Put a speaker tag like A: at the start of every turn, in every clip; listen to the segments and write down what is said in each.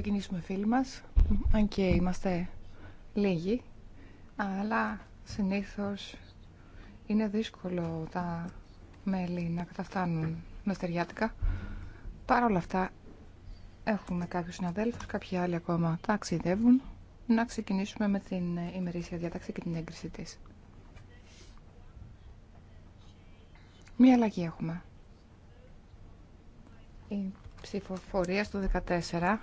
A: ξεκινήσουμε φίλοι μας, αν και είμαστε λίγοι, αλλά συνήθως είναι δύσκολο τα μέλη να καταφτάνουν στεριάτικα. Παρ' όλα αυτά έχουμε κάποιους συναδέλφους, κάποιοι άλλοι ακόμα ταξιδεύουν. Να ξεκινήσουμε με την ημερήσια διάταξη και την έγκριση της. Μία αλλαγή έχουμε. Η ψηφοφορία στο 14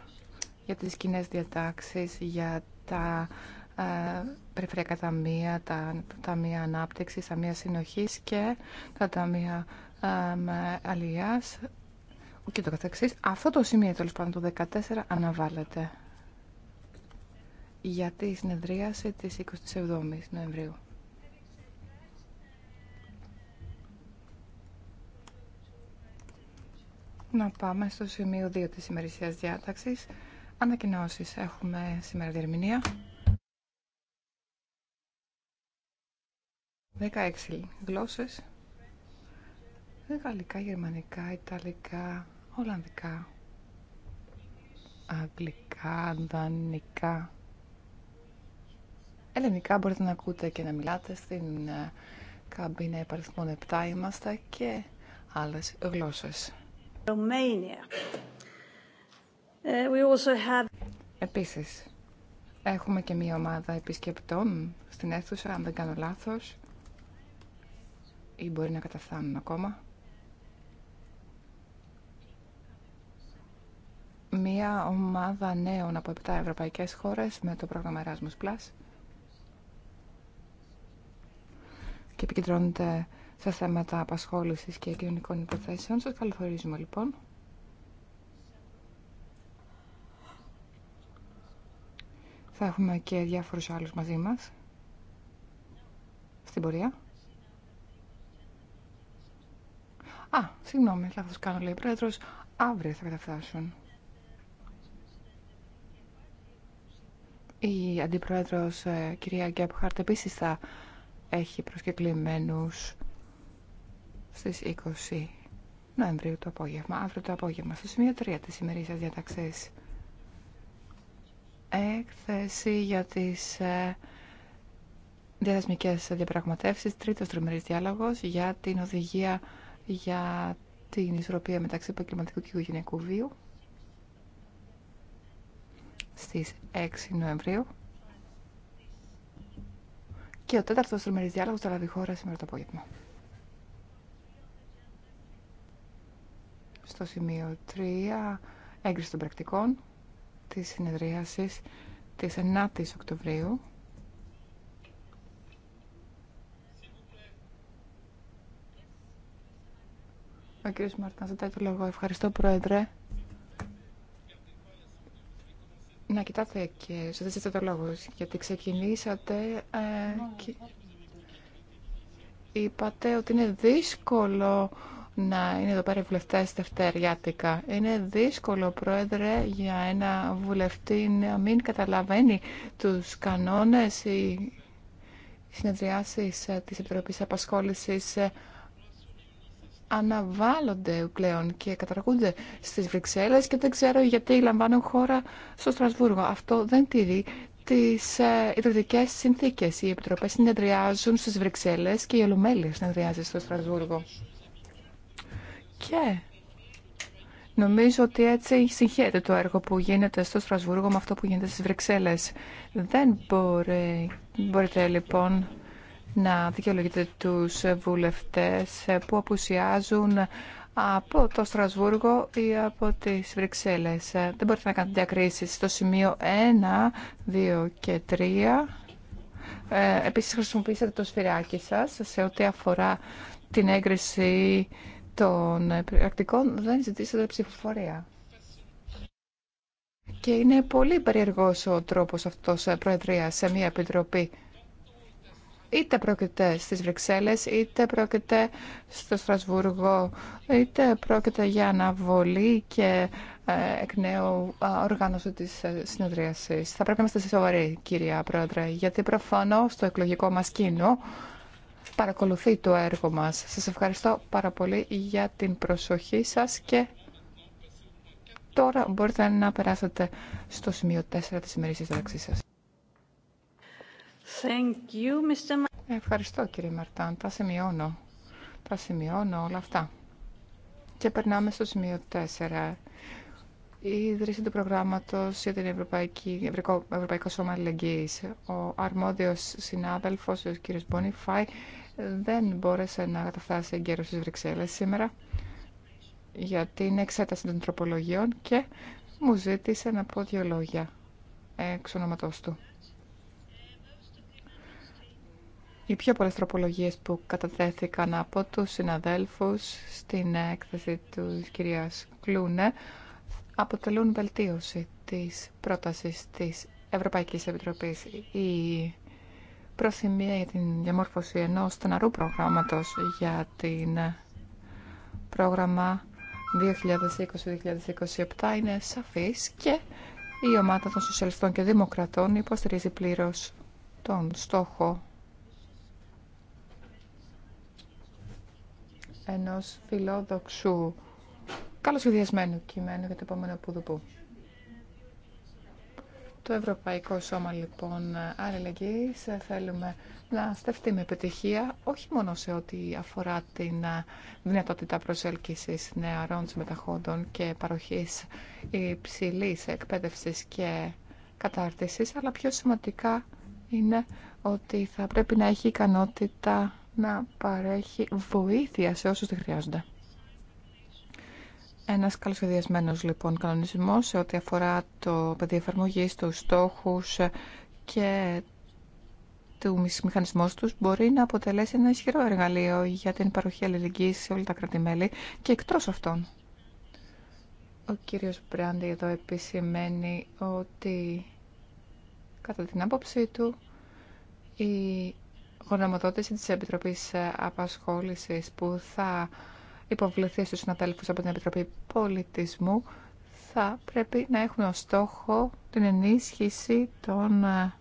A: για τις κοινέ διατάξεις, για τα ε, περιφερειακά ταμεία, τα ταμεία ανάπτυξης, ταμεία συνοχής και τα ταμεία ε, αλληλιάς και το καθεξής. Αυτό το σημείο τέλο πάντων το 14 αναβάλλεται για τη συνεδρίαση της 27ης Νοεμβρίου. Να πάμε στο σημείο 2 της ημερησίας διάταξης Ανακοινώσεις έχουμε σήμερα διερμηνία. 16 γλώσσες. Γαλλικά, γερμανικά, ιταλικά, ολλανδικά, αγγλικά, δανικά. Ελληνικά μπορείτε να ακούτε και να μιλάτε στην ε, καμπίνα υπαριθμών 7 είμαστε και άλλες γλώσσες. Romania. Ε, Επίσης, έχουμε και μία ομάδα επισκεπτών στην αίθουσα, αν δεν κάνω λάθος, ή μπορεί να καταφθάνουν ακόμα. Μία ομάδα νέων από 7 ευρωπαϊκές χώρες με το πρόγραμμα Erasmus Plus και επικεντρώνεται σε θέματα απασχόλησης και κοινωνικών υποθέσεων. Σας καλωσορίζουμε λοιπόν. Θα έχουμε και διάφορους άλλους μαζί μας στην πορεία. Α, συγγνώμη, λάθος κάνω, λέει ο Πρόεδρος. Αύριο θα καταφτάσουν. Η Αντιπρόεδρος ε, κυρία Γκέπχαρτ επίσης θα έχει προσκεκλημένους στις 20 Νοεμβρίου το απόγευμα, αύριο το απόγευμα, στο σημείο 3 της ημερής διαταξής έκθεση για τις ε, διαδεσμικές διαπραγματεύσεις, τρίτος τριμερής διάλογος για την οδηγία για την ισορροπία μεταξύ επαγγελματικού και οικογενειακού βίου στις 6 Νοεμβρίου. Και ο τέταρτος τριμερής διάλογος θα λάβει χώρα σήμερα το απόγευμα. Στο σημείο 3, έγκριση των πρακτικών της συνεδρίασης της 9ης Οκτωβρίου. Ο κ. Μαρτάν, ζητάει το λόγο. Ευχαριστώ, Πρόεδρε. Να κοιτάτε και ζητήσετε το λόγο, γιατί ξεκινήσατε ε, και είπατε ότι είναι δύσκολο να είναι εδώ πέρα οι βουλευτέ δευτεριάτικα. Είναι δύσκολο, Πρόεδρε, για ένα βουλευτή να μην καταλαβαίνει του κανόνε ή συνεδριάσει ε, τη Επιτροπή Απασχόληση ε, αναβάλλονται πλέον και καταργούνται στις Βρυξέλλες και δεν ξέρω γιατί λαμβάνουν χώρα στο Στρασβούργο. Αυτό δεν τηρεί τις ε, ιδρυτικές συνθήκες. Οι επιτροπές συνεδριάζουν στις Βρυξέλλες και η Ολομέλεια συνεδριάζει στο Στρασβούργο. Και νομίζω ότι έτσι συγχαίρεται το έργο που γίνεται στο Στρασβούργο με αυτό που γίνεται στις Βρυξέλλες. Δεν μπορεί, μπορείτε λοιπόν να δικαιολογείτε τους βουλευτές που απουσιάζουν από το Στρασβούργο ή από τις Βρυξέλλες. Δεν μπορείτε να κάνετε διακρίσεις στο σημείο 1, 2 και 3. Ε, επίσης χρησιμοποιήσατε το σφυράκι σας σε ό,τι αφορά την έγκριση των πρακτικών δεν ζητήσατε ψηφοφορία. Και είναι πολύ περίεργο ο τρόπος αυτός ε, προεδρία σε μια επιτροπή. Είτε πρόκειται στι Βρυξέλλε, είτε πρόκειται στο Στρασβούργο, είτε πρόκειται για αναβολή και ε, εκ νέου ε, οργάνωση της συνεδρίαση. Θα πρέπει να είμαστε σοβαροί, κυρία Πρόεδρε, γιατί προφανώ στο εκλογικό μα κοινό παρακολουθεί το έργο μας. Σας ευχαριστώ πάρα πολύ για την προσοχή σας και τώρα μπορείτε να περάσετε στο σημείο 4 της ημερήσιας δράξης σας. Thank you, Mr. Ευχαριστώ κύριε Μαρτάν. Τα σημειώνω. Τα σημειώνω όλα αυτά. Και περνάμε στο σημείο 4. Η ίδρυση του προγράμματο για την Ευρωπαϊκή, Ευρωπαϊκό, Ευρωπαϊκό Σώμα Αλληλεγγύη. Ο αρμόδιο συνάδελφο ο κ. Μπονιφάη, δεν μπόρεσε να καταφτάσει εγκαίρω στις Βρυξέλλες σήμερα για την εξέταση των τροπολογιών και μου ζήτησε να πω δύο λόγια εξ ονοματός του. Οι πιο πολλές τροπολογίες που κατατέθηκαν από τους συναδέλφους στην έκθεση του κυρίας Κλούνε αποτελούν βελτίωση της πρότασης της Ευρωπαϊκής Επιτροπής. Η προθυμία για την διαμόρφωση ενός στεναρού προγράμματος για την πρόγραμμα 2020-2027 είναι σαφής και η ομάδα των Σοσιαλιστών και Δημοκρατών υποστηρίζει πλήρως τον στόχο ενός φιλόδοξου καλοσχεδιασμένου κειμένου για το επόμενο πουδουπού. Το Ευρωπαϊκό Σώμα λοιπόν Αλληλεγγύης θέλουμε να στεφτεί με επιτυχία όχι μόνο σε ό,τι αφορά την ε, δυνατότητα προσέλκυσης νεαρών συμμεταχόντων και παροχής υψηλής εκπαίδευσης και κατάρτισης, αλλά πιο σημαντικά είναι ότι θα πρέπει να έχει ικανότητα να παρέχει βοήθεια σε όσους τη χρειάζονται. Ένα καλοσχεδιασμένο λοιπόν κανονισμό σε ό,τι αφορά το πεδίο εφαρμογή, του στόχου και του μηχανισμού του μπορεί να αποτελέσει ένα ισχυρό εργαλείο για την παροχή αλληλεγγύη σε όλα τα κρατη και εκτό αυτών. Ο κύριος Μπράντι εδώ επισημαίνει ότι κατά την άποψή του η γνωμοδότηση της Επιτροπής Απασχόλησης που θα υποβληθεί στους συναδέλφους από την Επιτροπή Πολιτισμού θα πρέπει να έχουν ως στόχο την ενίσχυση των, ε,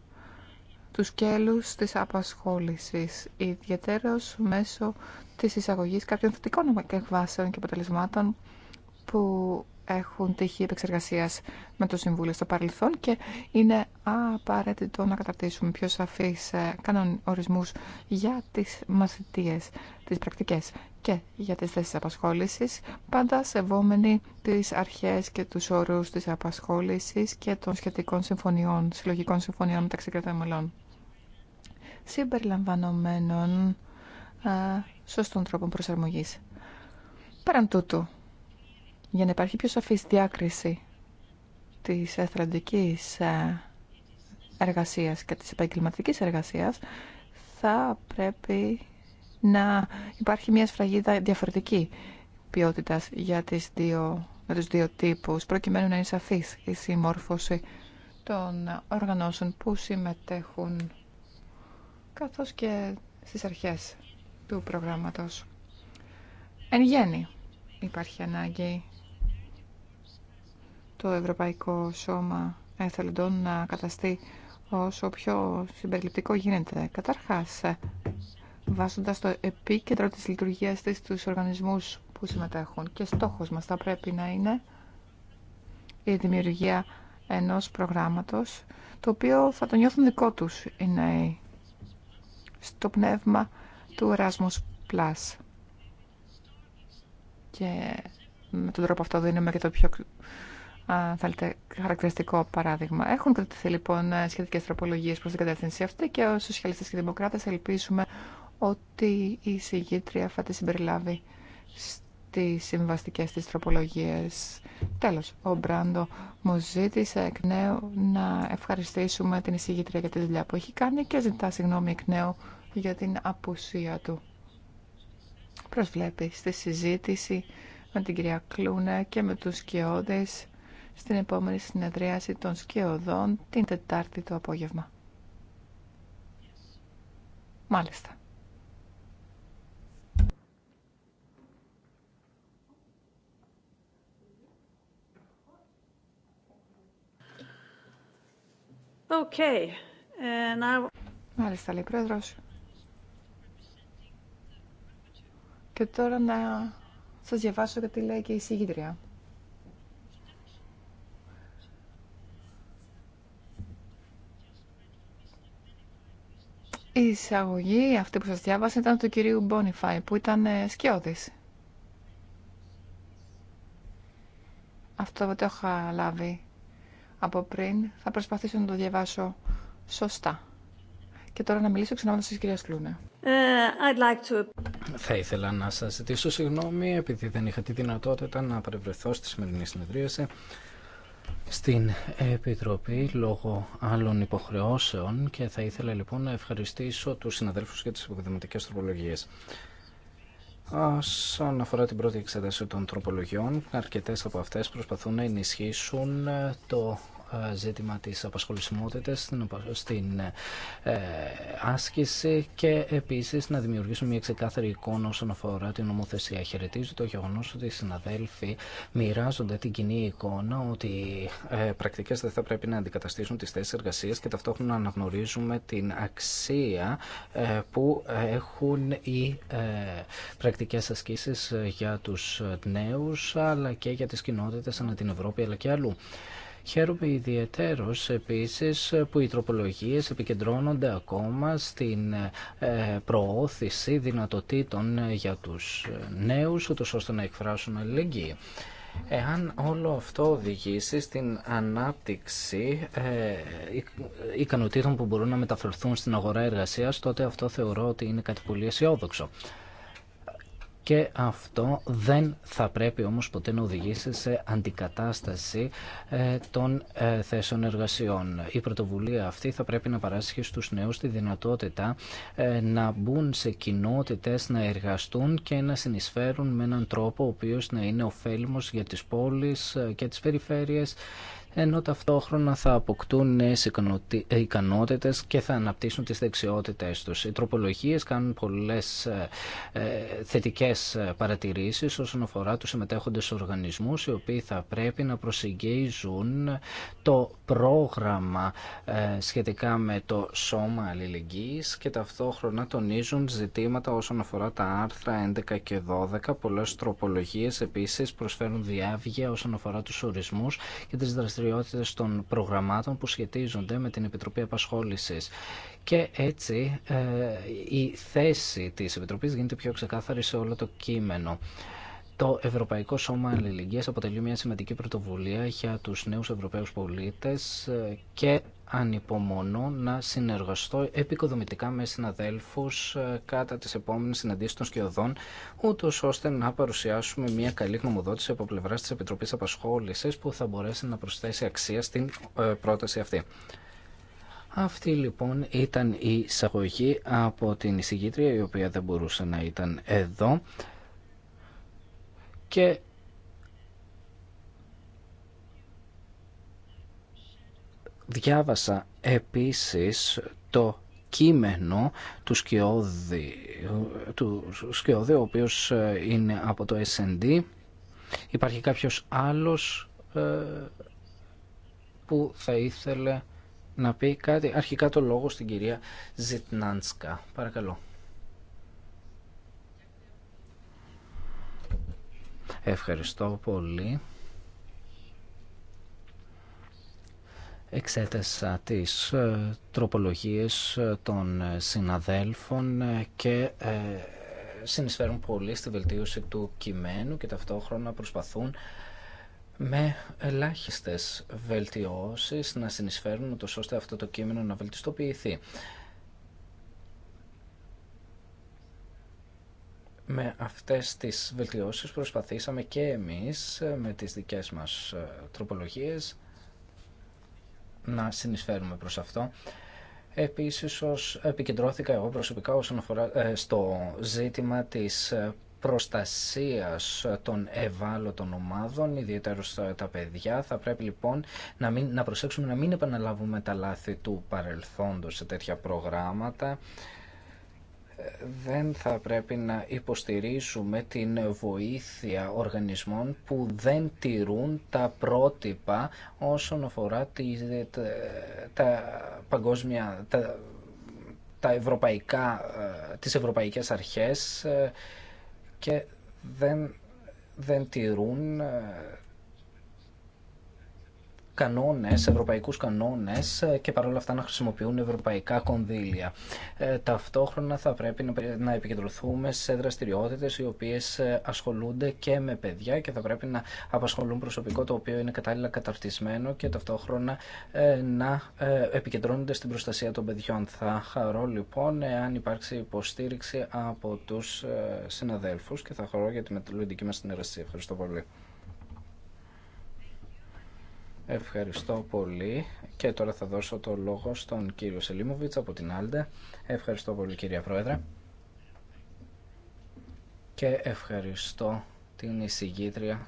A: του σκέλους της απασχόλησης, ιδιαίτερως μέσω της εισαγωγής κάποιων θετικών εκβάσεων και αποτελεσμάτων που έχουν τύχει επεξεργασίας με το Συμβούλιο στο παρελθόν και είναι απαραίτητο να καταρτήσουμε πιο σαφείς ε, κανόν ορισμούς για τις μαθητείες, τις πρακτικές και για τις θέσεις απασχόλησης, πάντα σεβόμενοι τις αρχές και τους όρους της απασχόλησης και των σχετικών συμφωνιών, συλλογικών συμφωνιών μεταξύ κρατών μελών. Συμπεριλαμβανομένων ε, σωστών τρόπων προσαρμογής. Πέραν τούτου, για να υπάρχει πιο σαφής διάκριση της εθελοντικής ε, εργασίας και της επαγγελματικής εργασίας θα πρέπει να υπάρχει μια σφραγίδα διαφορετική ποιότητας για, τις δύο, για τους δύο τύπους προκειμένου να είναι σαφής η συμμόρφωση των οργανώσεων που συμμετέχουν καθώς και στις αρχές του προγράμματος. Εν γέννη υπάρχει ανάγκη το Ευρωπαϊκό Σώμα Εθελοντών να καταστεί όσο πιο συμπεριληπτικό γίνεται. Καταρχάς, βάζοντας το επίκεντρο της λειτουργίας της τους οργανισμούς που συμμετέχουν και στόχος μας θα πρέπει να είναι η δημιουργία ενός προγράμματος το οποίο θα το νιώθουν δικό τους οι νέοι στο πνεύμα του Erasmus Plus. Και με τον τρόπο αυτό δίνουμε και το πιο θέλετε, χαρακτηριστικό παράδειγμα. Έχουν κρατηθεί λοιπόν ε, σχετικέ τροπολογίε προ την κατεύθυνση αυτή και ω σοσιαλιστέ και δημοκράτε ελπίζουμε ότι η συγγήτρια θα τη συμπεριλάβει στι συμβαστικέ τη τροπολογίε. Τέλο, ο Μπράντο μου ζήτησε εκ νέου να ευχαριστήσουμε την συγγήτρια για τη δουλειά που έχει κάνει και ζητά συγγνώμη εκ νέου για την απουσία του. Προσβλέπει στη συζήτηση με την κυρία Κλούνε και με τους Κιώδες στην επόμενη συνεδρίαση των σκεωδών την Τετάρτη το απόγευμα. Μάλιστα. Okay. Now... Μάλιστα, λέει πρόεδρος. Και τώρα να σας διαβάσω και τι λέει και η συγκύτρια. Η εισαγωγή αυτή που σας διάβασα ήταν του κυρίου Μπονιφάη, που ήταν ε, σκιώδης. Αυτό δεν το είχα λάβει από πριν. Θα προσπαθήσω να το διαβάσω σωστά. Και τώρα να μιλήσω ξανά τη κυρία Κλούνε.
B: Uh, I'd like to...
C: Θα ήθελα να σας ζητήσω συγγνώμη επειδή δεν είχα τη δυνατότητα να παρευρεθώ στη σημερινή συνεδρίαση στην Επιτροπή λόγω άλλων υποχρεώσεων και θα ήθελα λοιπόν να ευχαριστήσω τους συναδέλφους για τις υποδηματικέ τροπολογίες. Όσον αφορά την πρώτη εξέταση των τροπολογιών, αρκετές από αυτές προσπαθούν να ενισχύσουν το ε, ζήτημα της απασχολησιμότητας στην ε, άσκηση και επίσης να δημιουργήσουν μια ξεκάθαρη εικόνα όσον αφορά την νομοθεσία. Χαιρετίζω το γεγονό ότι οι συναδέλφοι μοιράζονται την κοινή εικόνα ότι οι ε, πρακτικές δεν θα πρέπει να αντικαταστήσουν τις θέσεις εργασίας και ταυτόχρονα αναγνωρίζουμε την αξία που έχουν οι πρακτικές ασκήσεις για τους νέους αλλά και για τις κοινότητες ανά την Ευρώπη αλλά και αλλού. Χαίρομαι ιδιαίτερο επίσης που οι τροπολογίε επικεντρώνονται ακόμα στην ε, προώθηση δυνατοτήτων ε, για τους ε, νέους, ούτω ώστε να εκφράσουν αλληλεγγύη. Εάν όλο αυτό οδηγήσει στην ανάπτυξη ε, ικανοτήτων που μπορούν να μεταφερθούν στην αγορά εργασίας, τότε αυτό θεωρώ ότι είναι κάτι πολύ αισιόδοξο και αυτό δεν θα πρέπει όμως ποτέ να οδηγήσει σε αντικατάσταση ε, των ε, θέσεων εργασιών. Η πρωτοβουλία αυτή θα πρέπει να παράσχει στους νέους τη δυνατότητα ε, να μπουν σε κοινότητες, να εργαστούν και να συνεισφέρουν με έναν τρόπο ο οποίος να είναι ωφέλιμος για τις πόλεις και τις περιφέρειες ενώ ταυτόχρονα θα αποκτούν νέες ε, ικανότητες και θα αναπτύσσουν τις δεξιότητες τους. Οι τροπολογίες κάνουν πολλές ε, ε, θετικές παρατηρήσεις όσον αφορά τους συμμετέχοντες οργανισμούς οι οποίοι θα πρέπει να προσεγγίζουν το πρόγραμμα σχετικά με το σώμα αλληλεγγύης και ταυτόχρονα τονίζουν ζητήματα όσον αφορά τα άρθρα 11 και 12. Πολλές τροπολογίες επίσης προσφέρουν διάβγεια όσον αφορά τους ορισμούς και τις δραστηριότητες δραστηριότητες των προγραμμάτων που σχετίζονται με την Επιτροπή Απασχόλησης. Και έτσι ε, η θέση της Επιτροπής γίνεται πιο ξεκάθαρη σε όλο το κείμενο. Το Ευρωπαϊκό Σώμα Αλληλεγγύης αποτελεί μια σημαντική πρωτοβουλία για τους νέους Ευρωπαίους πολίτες ε, και ανυπομονώ να συνεργαστώ επικοδομητικά με συναδέλφους ε, κατά τις επόμενες συναντήσεις των σκιωδών, ούτω ώστε να παρουσιάσουμε μια καλή γνωμοδότηση από πλευράς της Επιτροπής Απασχόλησης που θα μπορέσει να προσθέσει αξία στην ε, πρόταση αυτή. Αυτή λοιπόν ήταν η εισαγωγή από την εισηγήτρια η οποία δεν μπορούσε να ήταν εδώ και Διάβασα επίσης το κείμενο του Σκιώδη, του Σκιώδη ο οποίος ε, είναι από το S&D. Υπάρχει κάποιος άλλος ε, που θα ήθελε να πει κάτι. Αρχικά το λόγο στην κυρία Ζιτνάντσκα. Παρακαλώ. Ευχαριστώ πολύ. εξέτασα τις ε, τροπολογίες ε, των ε, συναδέλφων και συνεισφέρουν πολύ στη βελτίωση του κειμένου και ταυτόχρονα προσπαθούν με ελάχιστες βελτιώσεις να συνεισφέρουν το ώστε αυτό το κείμενο να βελτιστοποιηθεί. με αυτές τις βελτιώσεις προσπαθήσαμε και εμείς με τις δικές μας τροπολογίες να συνεισφέρουμε προς αυτό. Επίσης, ως επικεντρώθηκα εγώ προσωπικά όσον αφορά ε, στο ζήτημα της ε, προστασίας των ευάλωτων ομάδων, ιδιαίτερα τα παιδιά. Θα πρέπει λοιπόν να, μην, να προσέξουμε να μην επαναλάβουμε τα λάθη του παρελθόντος σε τέτοια προγράμματα δεν θα πρέπει να υποστηρίζουμε την βοήθεια οργανισμών που δεν τηρούν τα πρότυπα όσον αφορά τη, τα, τα, παγκόσμια, τα, τα ευρωπαϊκά, ε, τις ευρωπαϊκές αρχές ε, και δεν, δεν τηρούν ε, κανόνες, ευρωπαϊκούς κανόνες ε, και παρόλα αυτά να χρησιμοποιούν ευρωπαϊκά κονδύλια. Ε, ταυτόχρονα θα πρέπει να, επικεντρωθούμε σε δραστηριότητες οι οποίες ε, ασχολούνται και με παιδιά και θα πρέπει να απασχολούν προσωπικό το οποίο είναι κατάλληλα καταρτισμένο και ταυτόχρονα να επικεντρώνονται στην προστασία των παιδιών. Θα χαρώ λοιπόν αν υπάρξει υποστήριξη από τους συναδέλφους και θα χαρώ για τη μελλοντική μας συνεργασία. Ευχαριστώ πολύ. Ευχαριστώ πολύ και τώρα θα δώσω το λόγο στον κύριο Σελίμοβιτς από την Άλντε. Ευχαριστώ πολύ κυρία Πρόεδρε και ευχαριστώ την εισηγήτρια.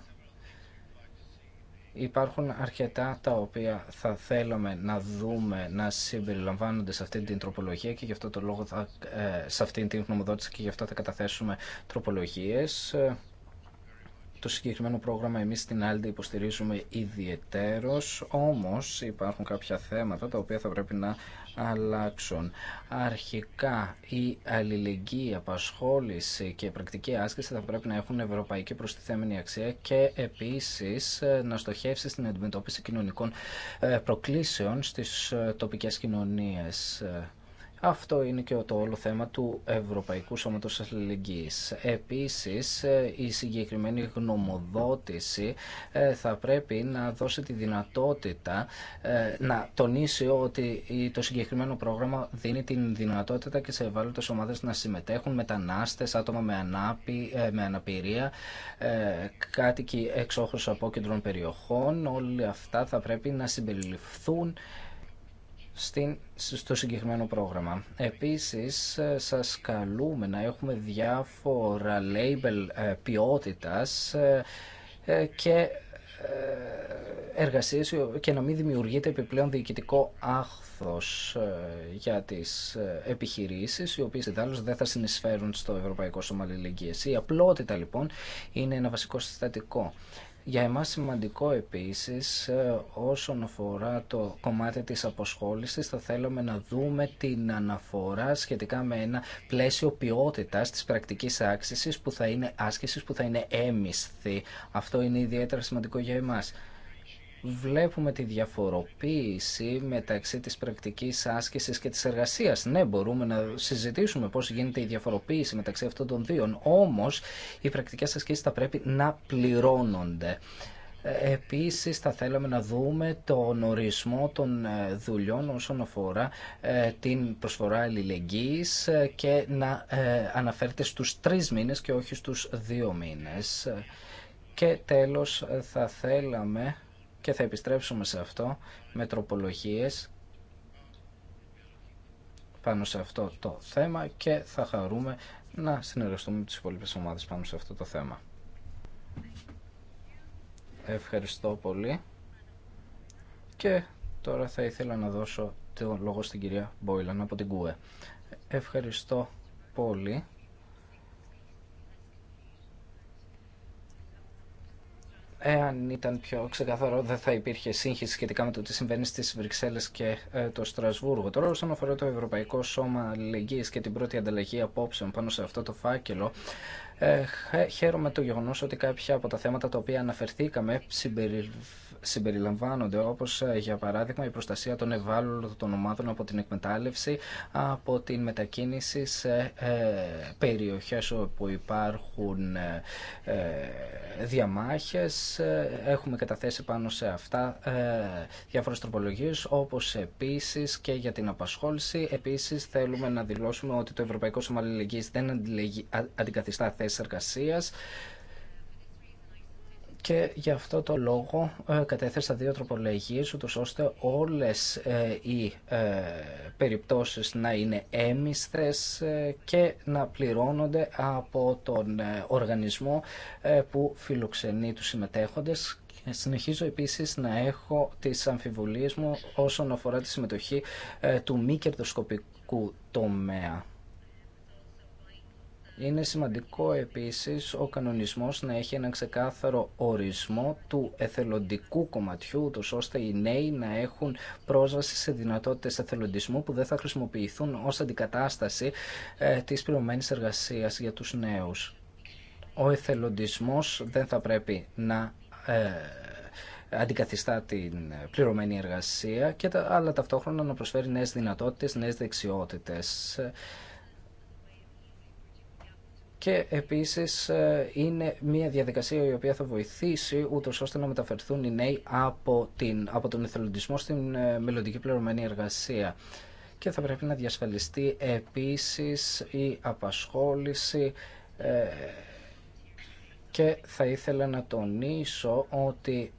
C: Υπάρχουν αρκετά τα οποία θα θέλαμε να δούμε να συμπεριλαμβάνονται σε αυτήν την τροπολογία και γι' αυτό το λόγο θα, ε, σε αυτή την γνωμοδότηση και γι' αυτό θα καταθέσουμε τροπολογίες το συγκεκριμένο πρόγραμμα εμείς στην Άλντε υποστηρίζουμε ιδιαιτέρως, όμως υπάρχουν κάποια θέματα τα οποία θα πρέπει να αλλάξουν. Αρχικά η αλληλεγγύη, απασχόληση και πρακτική άσκηση θα πρέπει να έχουν ευρωπαϊκή προστιθέμενη αξία και επίσης να στοχεύσει στην αντιμετώπιση κοινωνικών ε, προκλήσεων στις ε, τοπικές κοινωνίες. Αυτό είναι και το όλο θέμα του Ευρωπαϊκού Σώματος Αλληλεγγύης. Επίσης, ε, η συγκεκριμένη γνωμοδότηση ε, θα πρέπει να δώσει τη δυνατότητα ε, να τονίσει ότι το συγκεκριμένο πρόγραμμα δίνει την δυνατότητα και σε ευάλωτες ομάδες να συμμετέχουν μετανάστες, άτομα με, ανάπη, με αναπηρία, κάτοικοι εξόχως από κεντρών περιοχών. Όλοι αυτά θα πρέπει να συμπεριληφθούν στο συγκεκριμένο πρόγραμμα. Επίσης, ε, σας καλούμε να έχουμε διάφορα label ε, ποιότητας ε, και εργασίες και να μην δημιουργείται επιπλέον διοικητικό άχθος για τις επιχειρήσεις οι οποίες ιδάλλως δεν θα συνεισφέρουν στο Ευρωπαϊκό Σώμα Αλληλεγγύης. Η απλότητα λοιπόν είναι ένα βασικό συστατικό για εμάς σημαντικό επίσης ε, όσον αφορά το κομμάτι της αποσχόλησης θα θέλουμε να δούμε την αναφορά σχετικά με ένα πλαίσιο ποιότητας της πρακτικής άξισης που θα είναι άσκησης που θα είναι έμισθη. Αυτό είναι ιδιαίτερα σημαντικό για εμάς βλέπουμε τη διαφοροποίηση μεταξύ της πρακτικής άσκησης και της εργασίας. Ναι, μπορούμε να συζητήσουμε πώς γίνεται η διαφοροποίηση μεταξύ αυτών των δύο, όμως οι πρακτικές ασκήσεις θα πρέπει να πληρώνονται. Επίσης θα θέλαμε να δούμε τον ορισμό των ε, δουλειών όσον αφορά ε, την προσφορά αλληλεγγύης ε, και να αναφέρεται στους τρεις μήνες και όχι στους δύο μήνες. Και τέλος θα θέλαμε και θα επιστρέψουμε σε αυτό με τροπολογίες πάνω σε αυτό το θέμα και θα χαρούμε να συνεργαστούμε με τις υπόλοιπες ομάδες πάνω σε αυτό το θέμα. Ευχαριστώ πολύ και τώρα θα ήθελα να δώσω το λόγο στην κυρία Μπόιλαν από την ΚΟΕ. Ευχαριστώ πολύ. Εάν ήταν πιο ξεκαθαρό, δεν θα υπήρχε σύγχυση σχετικά με το τι συμβαίνει στι Βρυξέλλε και ε, το Στρασβούργο. Τώρα, όσον αφορά το Ευρωπαϊκό Σώμα Αλληλεγγύη και την πρώτη ανταλλαγή απόψεων πάνω σε αυτό το φάκελο, ε, χαίρομαι το γεγονό ότι κάποια από τα θέματα τα οποία αναφερθήκαμε συμπεριλαμβάνονται συμπεριλαμβάνονται όπω ε, για παράδειγμα η προστασία των ευάλωτων ομάδων από την εκμετάλλευση, από την μετακίνηση σε ε, περιοχέ όπου υπάρχουν ε, διαμάχε, Έχουμε καταθέσει πάνω σε αυτά διάφορε τροπολογίε, όπω επίση και για την απασχόληση. Επίση, θέλουμε να δηλώσουμε ότι το Ευρωπαϊκό Σώμα δεν αντικαθιστά θέσει εργασία και γι' αυτό το λόγο ε, κατέθεσα δύο τροπολογίες ούτως ώστε όλες ε, οι ε, περιπτώσεις να είναι έμισθες και να πληρώνονται από τον οργανισμό που φιλοξενεί τους συμμετέχοντες Συνεχίζω επίσης να έχω τις αμφιβολίες μου όσον αφορά τη συμμετοχή του μη κερδοσκοπικού τομέα. Είναι σημαντικό επίσης ο κανονισμός να έχει ένα ξεκάθαρο ορισμό του εθελοντικού κομματιού, τους ώστε οι νέοι να έχουν πρόσβαση σε δυνατότητες εθελοντισμού που δεν θα χρησιμοποιηθούν ως αντικατάσταση ε, της πληρωμένης εργασίας για τους νέους. Ο εθελοντισμός δεν θα πρέπει να ε, αντικαθιστά την πληρωμένη εργασία, και, αλλά ταυτόχρονα να προσφέρει νέες δυνατότητες, νέες δεξιότητες και επίσης ε, είναι μια διαδικασία η οποία θα βοηθήσει ούτω ώστε να μεταφερθούν οι νέοι από, την, από τον εθελοντισμό στην ε, μελλοντική πληρωμένη εργασία και θα πρέπει να διασφαλιστεί επίσης η απασχόληση ε, και θα ήθελα να τονίσω ότι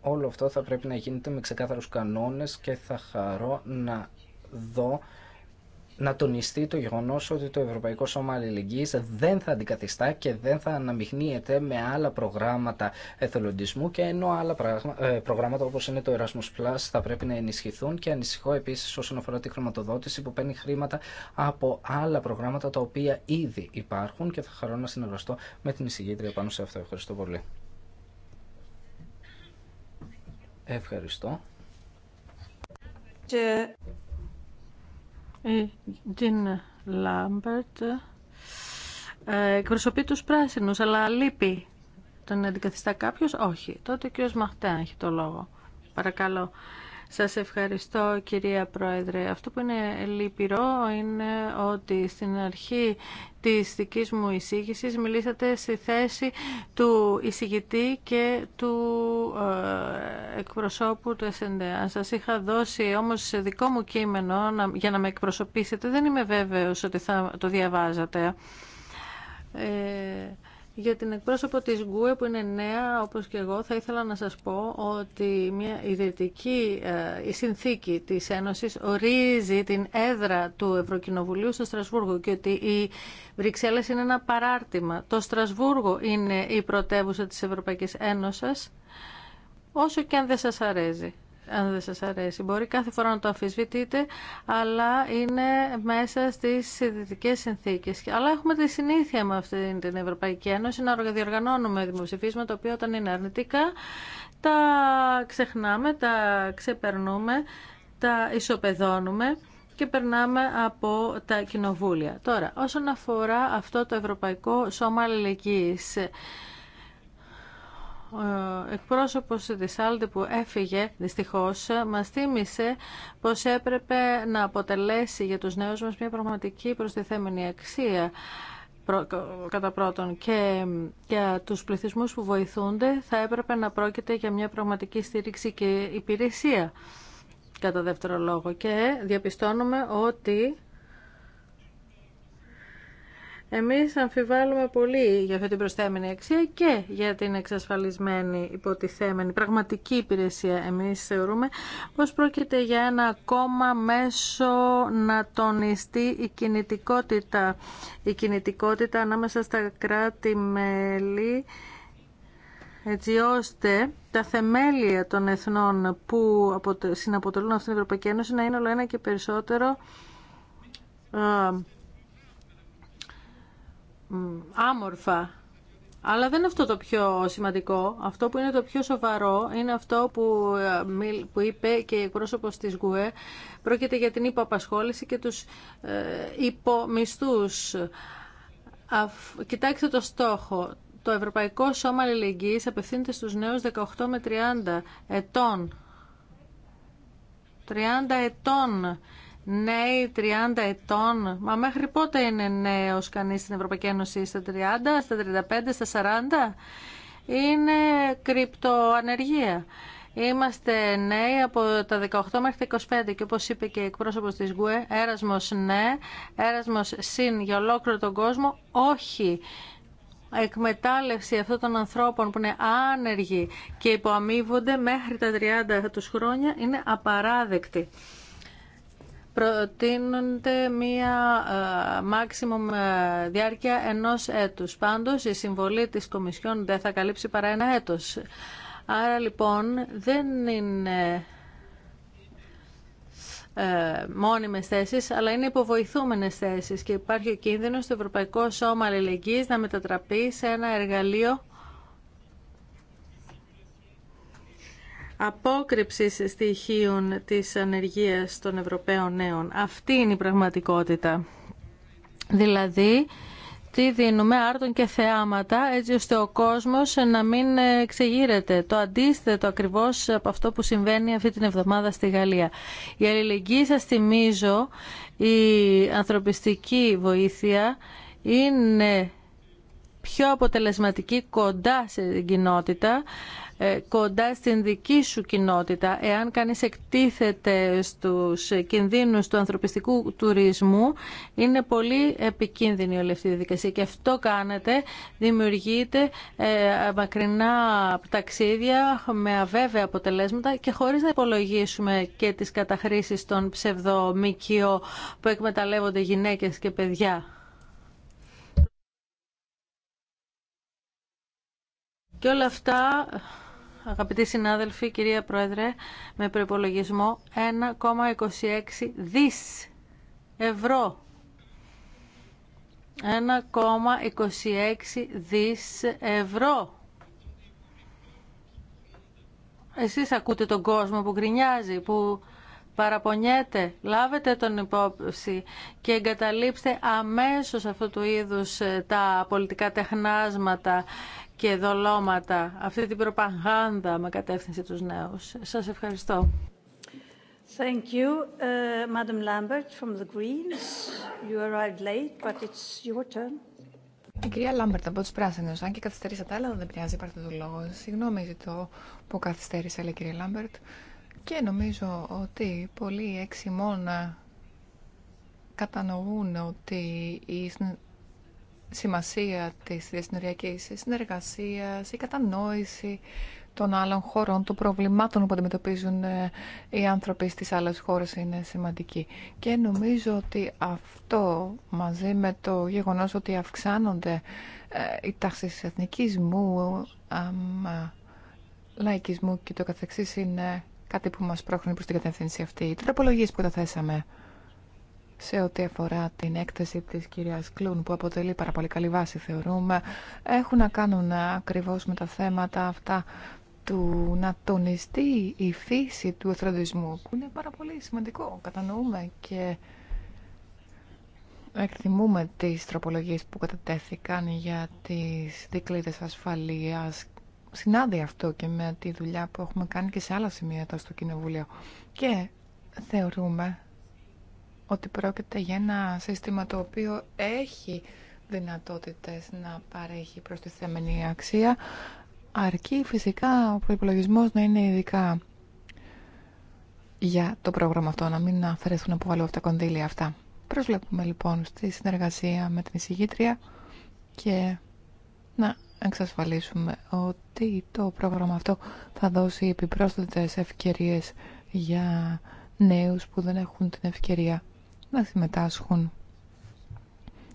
C: όλο αυτό θα πρέπει να γίνεται με ξεκάθαρους κανόνες και θα χαρώ να δω να τονιστεί το γεγονό ότι το Ευρωπαϊκό Σώμα Αλληλεγγύη δεν θα αντικαθιστά και δεν θα αναμειχνύεται με άλλα προγράμματα εθελοντισμού και ενώ άλλα ε, προγράμματα όπω είναι το Erasmus Plus θα πρέπει να ενισχυθούν και ανησυχώ επίση όσον αφορά τη χρηματοδότηση που παίρνει χρήματα από άλλα προγράμματα τα οποία ήδη υπάρχουν και θα χαρώ να συνεργαστώ με την εισηγήτρια πάνω σε αυτό. Ευχαριστώ πολύ. Ευχαριστώ.
B: Και... Η Τζιν Λάμπερτ ε, εκπροσωπεί του πράσινου, αλλά λείπει. Τον αντικαθιστά κάποιο. όχι. Τότε ο κ. Μαχτέ έχει το λόγο. Παρακαλώ. Σας ευχαριστώ κυρία Πρόεδρε. Αυτό που είναι λυπηρό είναι ότι στην αρχή της δικής μου εισήγηση μιλήσατε στη θέση του εισηγητή και του ε, εκπροσώπου του SND. Αν σας είχα δώσει όμως δικό μου κείμενο για να με εκπροσωπήσετε, δεν είμαι βέβαιος ότι θα το διαβάζατε. Ε, για την εκπρόσωπο της Γκουε που είναι νέα, όπως και εγώ, θα ήθελα να σας πω ότι μια ιδρυτική ε, η συνθήκη της Ένωσης ορίζει την έδρα του Ευρωκοινοβουλίου στο Στρασβούργο και ότι οι Βρυξέλλες είναι ένα παράρτημα. Το Στρασβούργο είναι η πρωτεύουσα της Ευρωπαϊκής Ένωσης, όσο και αν δεν σας αρέσει αν δεν σας αρέσει. Μπορεί κάθε φορά να το αφισβητείτε, αλλά είναι μέσα στις δυτικέ συνθήκες. Αλλά έχουμε τη συνήθεια με αυτή την Ευρωπαϊκή Ένωση να διοργανώνουμε δημοψηφίσματα, τα οποία όταν είναι αρνητικά τα ξεχνάμε, τα ξεπερνούμε, τα ισοπεδώνουμε και περνάμε από τα κοινοβούλια. Τώρα, όσον αφορά αυτό το Ευρωπαϊκό Σώμα Αλληλεγγύης, ε, εκπρόσωπος της Άλτη που έφυγε δυστυχώς μας θύμισε πως έπρεπε να αποτελέσει για τους νέους μας μια πραγματική προστιθέμενη αξία κατά πρώτον και για τους πληθυσμούς που βοηθούνται θα έπρεπε να πρόκειται για μια πραγματική στήριξη και υπηρεσία κατά δεύτερο λόγο και διαπιστώνουμε ότι εμείς αμφιβάλλουμε πολύ για αυτή την προσθέμενη αξία και για την εξασφαλισμένη υποτιθέμενη πραγματική υπηρεσία. Εμείς θεωρούμε πως πρόκειται για ένα ακόμα μέσο να τονιστεί η κινητικότητα. Η κινητικότητα ανάμεσα στα κράτη-μέλη έτσι ώστε τα θεμέλια των εθνών που συναποτελούν αυτήν την Ευρωπαϊκή Ένωση να είναι όλο ένα και περισσότερο άμορφα. Αλλά δεν είναι αυτό το πιο σημαντικό. Αυτό που είναι το πιο σοβαρό είναι αυτό που, ε, που είπε και η πρόσωπος της ΓΟΕ. Πρόκειται για την υποαπασχόληση και τους ε, υπομισθούς. Κοιτάξτε το στόχο. Το Ευρωπαϊκό Σώμα Αλληλεγγύης απευθύνεται στους νέους 18 με 30 ετών. 30 ετών νέοι 30 ετών. Μα μέχρι πότε είναι νέο κανεί στην Ευρωπαϊκή Ένωση, στα 30, στα 35, στα 40. Είναι κρυπτοανεργία. Είμαστε νέοι από τα 18 μέχρι τα 25 και όπως είπε και η εκπρόσωπος της ΓΟΕ, έρασμος ναι, έρασμος συν για ολόκληρο τον κόσμο, όχι εκμετάλλευση αυτών των ανθρώπων που είναι άνεργοι και υποαμείβονται μέχρι τα 30 τους χρόνια είναι απαράδεκτη προτείνονται μία μάξιμουμ ε, ε, διάρκεια ενός έτους. Πάντως, η συμβολή της Κομισιόν δεν θα καλύψει παρά ένα έτος. Άρα, λοιπόν, δεν είναι ε, μόνιμες θέσεις, αλλά είναι υποβοηθούμενες θέσεις και υπάρχει ο κίνδυνος στο Ευρωπαϊκό Σώμα Αλληλεγγύης να μετατραπεί σε ένα εργαλείο απόκρυψης στοιχείων της ανεργίας των Ευρωπαίων νέων. Αυτή είναι η πραγματικότητα. Δηλαδή, τι δίνουμε άρτων και θεάματα έτσι ώστε ο κόσμος να μην ξεγείρεται. Το αντίθετο ακριβώς από αυτό που συμβαίνει αυτή την εβδομάδα στη Γαλλία. Η αλληλεγγύη σας θυμίζω, η ανθρωπιστική βοήθεια είναι πιο αποτελεσματική κοντά στην κοινότητα, ε, κοντά στην δική σου κοινότητα. Εάν κανείς εκτίθεται στους κινδύνους του ανθρωπιστικού τουρισμού, είναι πολύ επικίνδυνη όλη αυτή η διαδικασία. Και αυτό κάνετε, δημιουργείτε ε, μακρινά ταξίδια με αβέβαια αποτελέσματα και χωρίς να υπολογίσουμε και τις καταχρήσεις των ψευδομικίων που εκμεταλλεύονται γυναίκες και παιδιά. Και όλα αυτά, αγαπητοί συνάδελφοι, κυρία Πρόεδρε, με προπολογισμό 1,26 δις ευρώ. 1,26 δις ευρώ. Εσείς ακούτε τον κόσμο που γκρινιάζει, που παραπονιέται, λάβετε τον υπόψη και εγκαταλείψτε αμέσως αυτού του είδους ε, τα πολιτικά τεχνάσματα και δολώματα, αυτή την προπαγάνδα με κατεύθυνση τους νέους. Σας ευχαριστώ. Thank you, uh, Madam Lambert from the Greens. You arrived late,
A: but it's your turn. Η κυρία Λάμπερτ από του Πράσινου, αν και καθυστερήσατε άλλα, δεν πειράζει, πάρτε το λόγο. Συγγνώμη ζητώ που καθυστέρησα, λέει η κυρία Λάμπερτ. Και νομίζω ότι πολλοί μόνο ε, κατανοούν ότι η σημασία της διασυνοριακής συνεργασίας, η κατανόηση των άλλων χωρών, των προβλημάτων που αντιμετωπίζουν ε, οι άνθρωποι στις άλλες χώρες είναι σημαντική. Και νομίζω ότι αυτό μαζί με το γεγονός ότι αυξάνονται ε, οι τάξεις εθνικισμού, λαϊκισμού και το καθεξής είναι κάτι που μας πρόχνει προς την κατεύθυνση αυτή. Οι τροπολογίες που καταθέσαμε σε ό,τι αφορά την έκθεση της κυρίας Κλούν που αποτελεί πάρα πολύ καλή βάση θεωρούμε έχουν να κάνουν ακριβώς με τα θέματα αυτά του να τονιστεί η φύση του εθροντισμού που είναι πάρα πολύ σημαντικό. Κατανοούμε και εκτιμούμε τις τροπολογίες που κατατέθηκαν για τις δικλείδες ασφαλείας συνάδει αυτό και με τη δουλειά που έχουμε κάνει και σε άλλα σημεία εδώ στο Κοινοβούλιο. Και θεωρούμε ότι πρόκειται για ένα σύστημα το οποίο έχει δυνατότητες να παρέχει προστιθέμενη αξία, αρκεί φυσικά ο προπολογισμό να είναι ειδικά για το πρόγραμμα αυτό, να μην αφαιρεθούν από αλλού αυτά κονδύλια αυτά. Προσβλέπουμε λοιπόν στη συνεργασία με την εισηγήτρια και να εξασφαλίσουμε ότι το πρόγραμμα αυτό θα δώσει επιπρόσθετες ευκαιρίες για νέους που δεν έχουν την ευκαιρία να συμμετάσχουν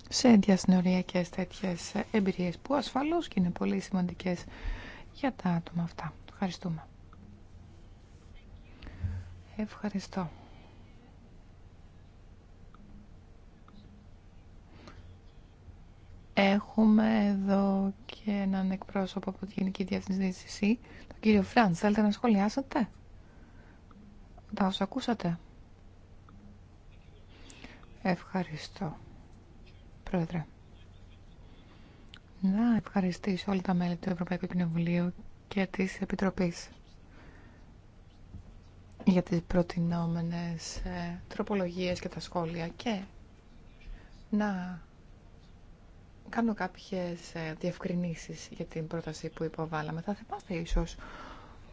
A: σε διασυνοριακές τέτοιες εμπειρίες που ασφαλώς και είναι πολύ σημαντικές για τα άτομα αυτά. Ευχαριστούμε. Ευχαριστώ. Έχουμε εδώ και έναν εκπρόσωπο από τη Γενική Διεύθυνση τον κύριο Φραντ. Θέλετε να σχολιάσετε τα όσα ακούσατε. Ευχαριστώ, Πρόεδρε. Να ευχαριστήσω όλα τα μέλη του Ευρωπαϊκού Κοινοβουλίου και της Επιτροπής για τις προτινόμενες ε, τροπολογίες και τα σχόλια και να κάνω κάποιες ε, διευκρινήσεις για την πρόταση που υποβάλαμε. Θα θυμάστε ίσως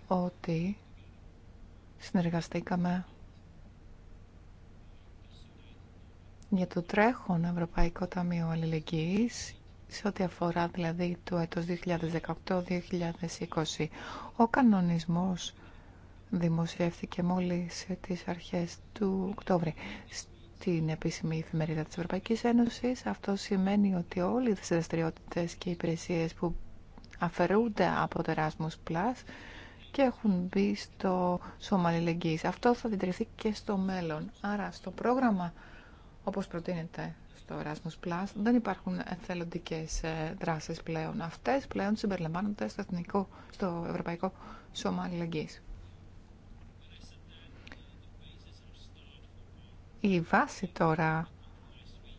A: ότι συνεργαστήκαμε για το τρέχον Ευρωπαϊκό Ταμείο Αλληλεγγύης σε ό,τι αφορά δηλαδή το έτος 2018-2020. Ο κανονισμός δημοσιεύθηκε μόλις τις αρχές του Οκτώβρη την επίσημη εφημερίδα της Ευρωπαϊκής Ένωσης. Αυτό σημαίνει ότι όλοι οι δραστηριότητε και οι υπηρεσίες που αφαιρούνται από το Erasmus Plus και έχουν μπει στο σώμα αλληλεγγύης. Αυτό θα διτρηθεί και στο μέλλον. Άρα στο πρόγραμμα, όπως προτείνεται στο Erasmus Plus, δεν υπάρχουν εθελοντικές ε, δράσεις πλέον. Αυτές πλέον συμπεριλαμβάνονται στο, εθνικό, στο Ευρωπαϊκό Σώμα Αλληλεγγύης. Η βάση τώρα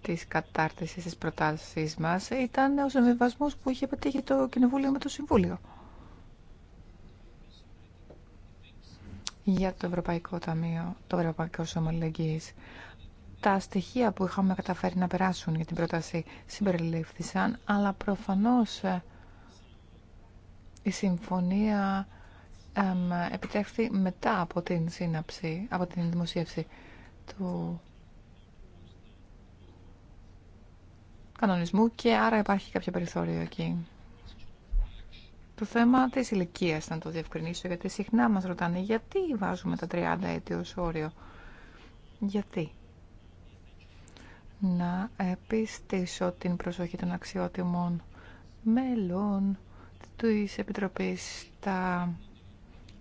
A: της κατάρτισης της προτάσης μας ήταν ο συμβιβασμός που είχε πετύχει το Κοινοβούλιο με το Συμβούλιο. για το Ευρωπαϊκό Ταμείο, το Ευρωπαϊκό Σώμα Τα στοιχεία που είχαμε καταφέρει να περάσουν για την πρόταση συμπεριλήφθησαν, αλλά προφανώς ε, η συμφωνία μετά από την σύναψη, από την δημοσίευση του κανονισμού και άρα υπάρχει κάποιο περιθώριο εκεί. Το θέμα τη ηλικία να το διευκρινίσω, γιατί συχνά μα ρωτάνε γιατί βάζουμε τα 30 έτη όριο. Γιατί. Να επιστήσω την προσοχή των αξιότιμων μέλων τη επιτροπή στα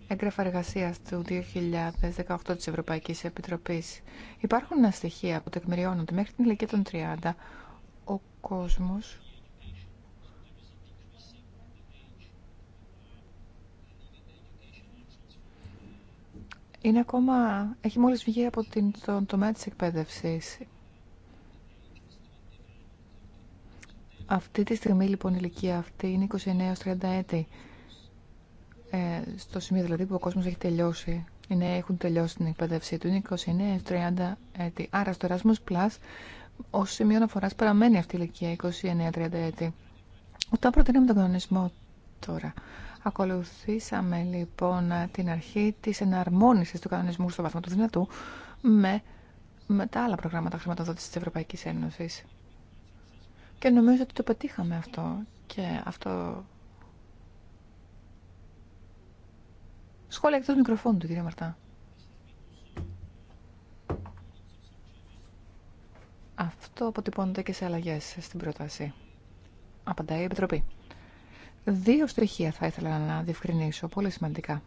A: έγγραφα εργασία του 2018 της Ευρωπαϊκής Επιτροπής υπάρχουν στοιχεία που τεκμηριώνουν ότι μέχρι την ηλικία των 30 ο κόσμος είναι ακόμα, έχει μόλις βγει από την, τον τομέα της εκπαίδευσης. Αυτή τη στιγμή λοιπόν η ηλικία αυτή είναι 29-30 έτη ε, στο σημείο δηλαδή που ο κόσμο έχει τελειώσει, είναι, έχουν τελειώσει την εκπαίδευσή του, είναι 29-30 έτη. Άρα στο Erasmus Plus ως σημείο αναφορά, παραμένει αυτή η ηλικία 29-30 έτη. Όταν προτείναμε τον κανονισμό τώρα, ακολουθήσαμε λοιπόν την αρχή τη εναρμόνιση του κανονισμού στο βαθμό του δυνατού με, με τα άλλα προγράμματα χρηματοδότηση τη Ευρωπαϊκή Ένωση. Και νομίζω ότι το πετύχαμε αυτό και αυτό Σχόλια εκτός μικροφώνου του, κυρία Μαρτά. Αυτό αποτυπώνεται και σε αλλαγέ στην πρόταση. Απαντάει η Επιτροπή. Δύο στοιχεία θα ήθελα να διευκρινίσω, πολύ σημαντικά.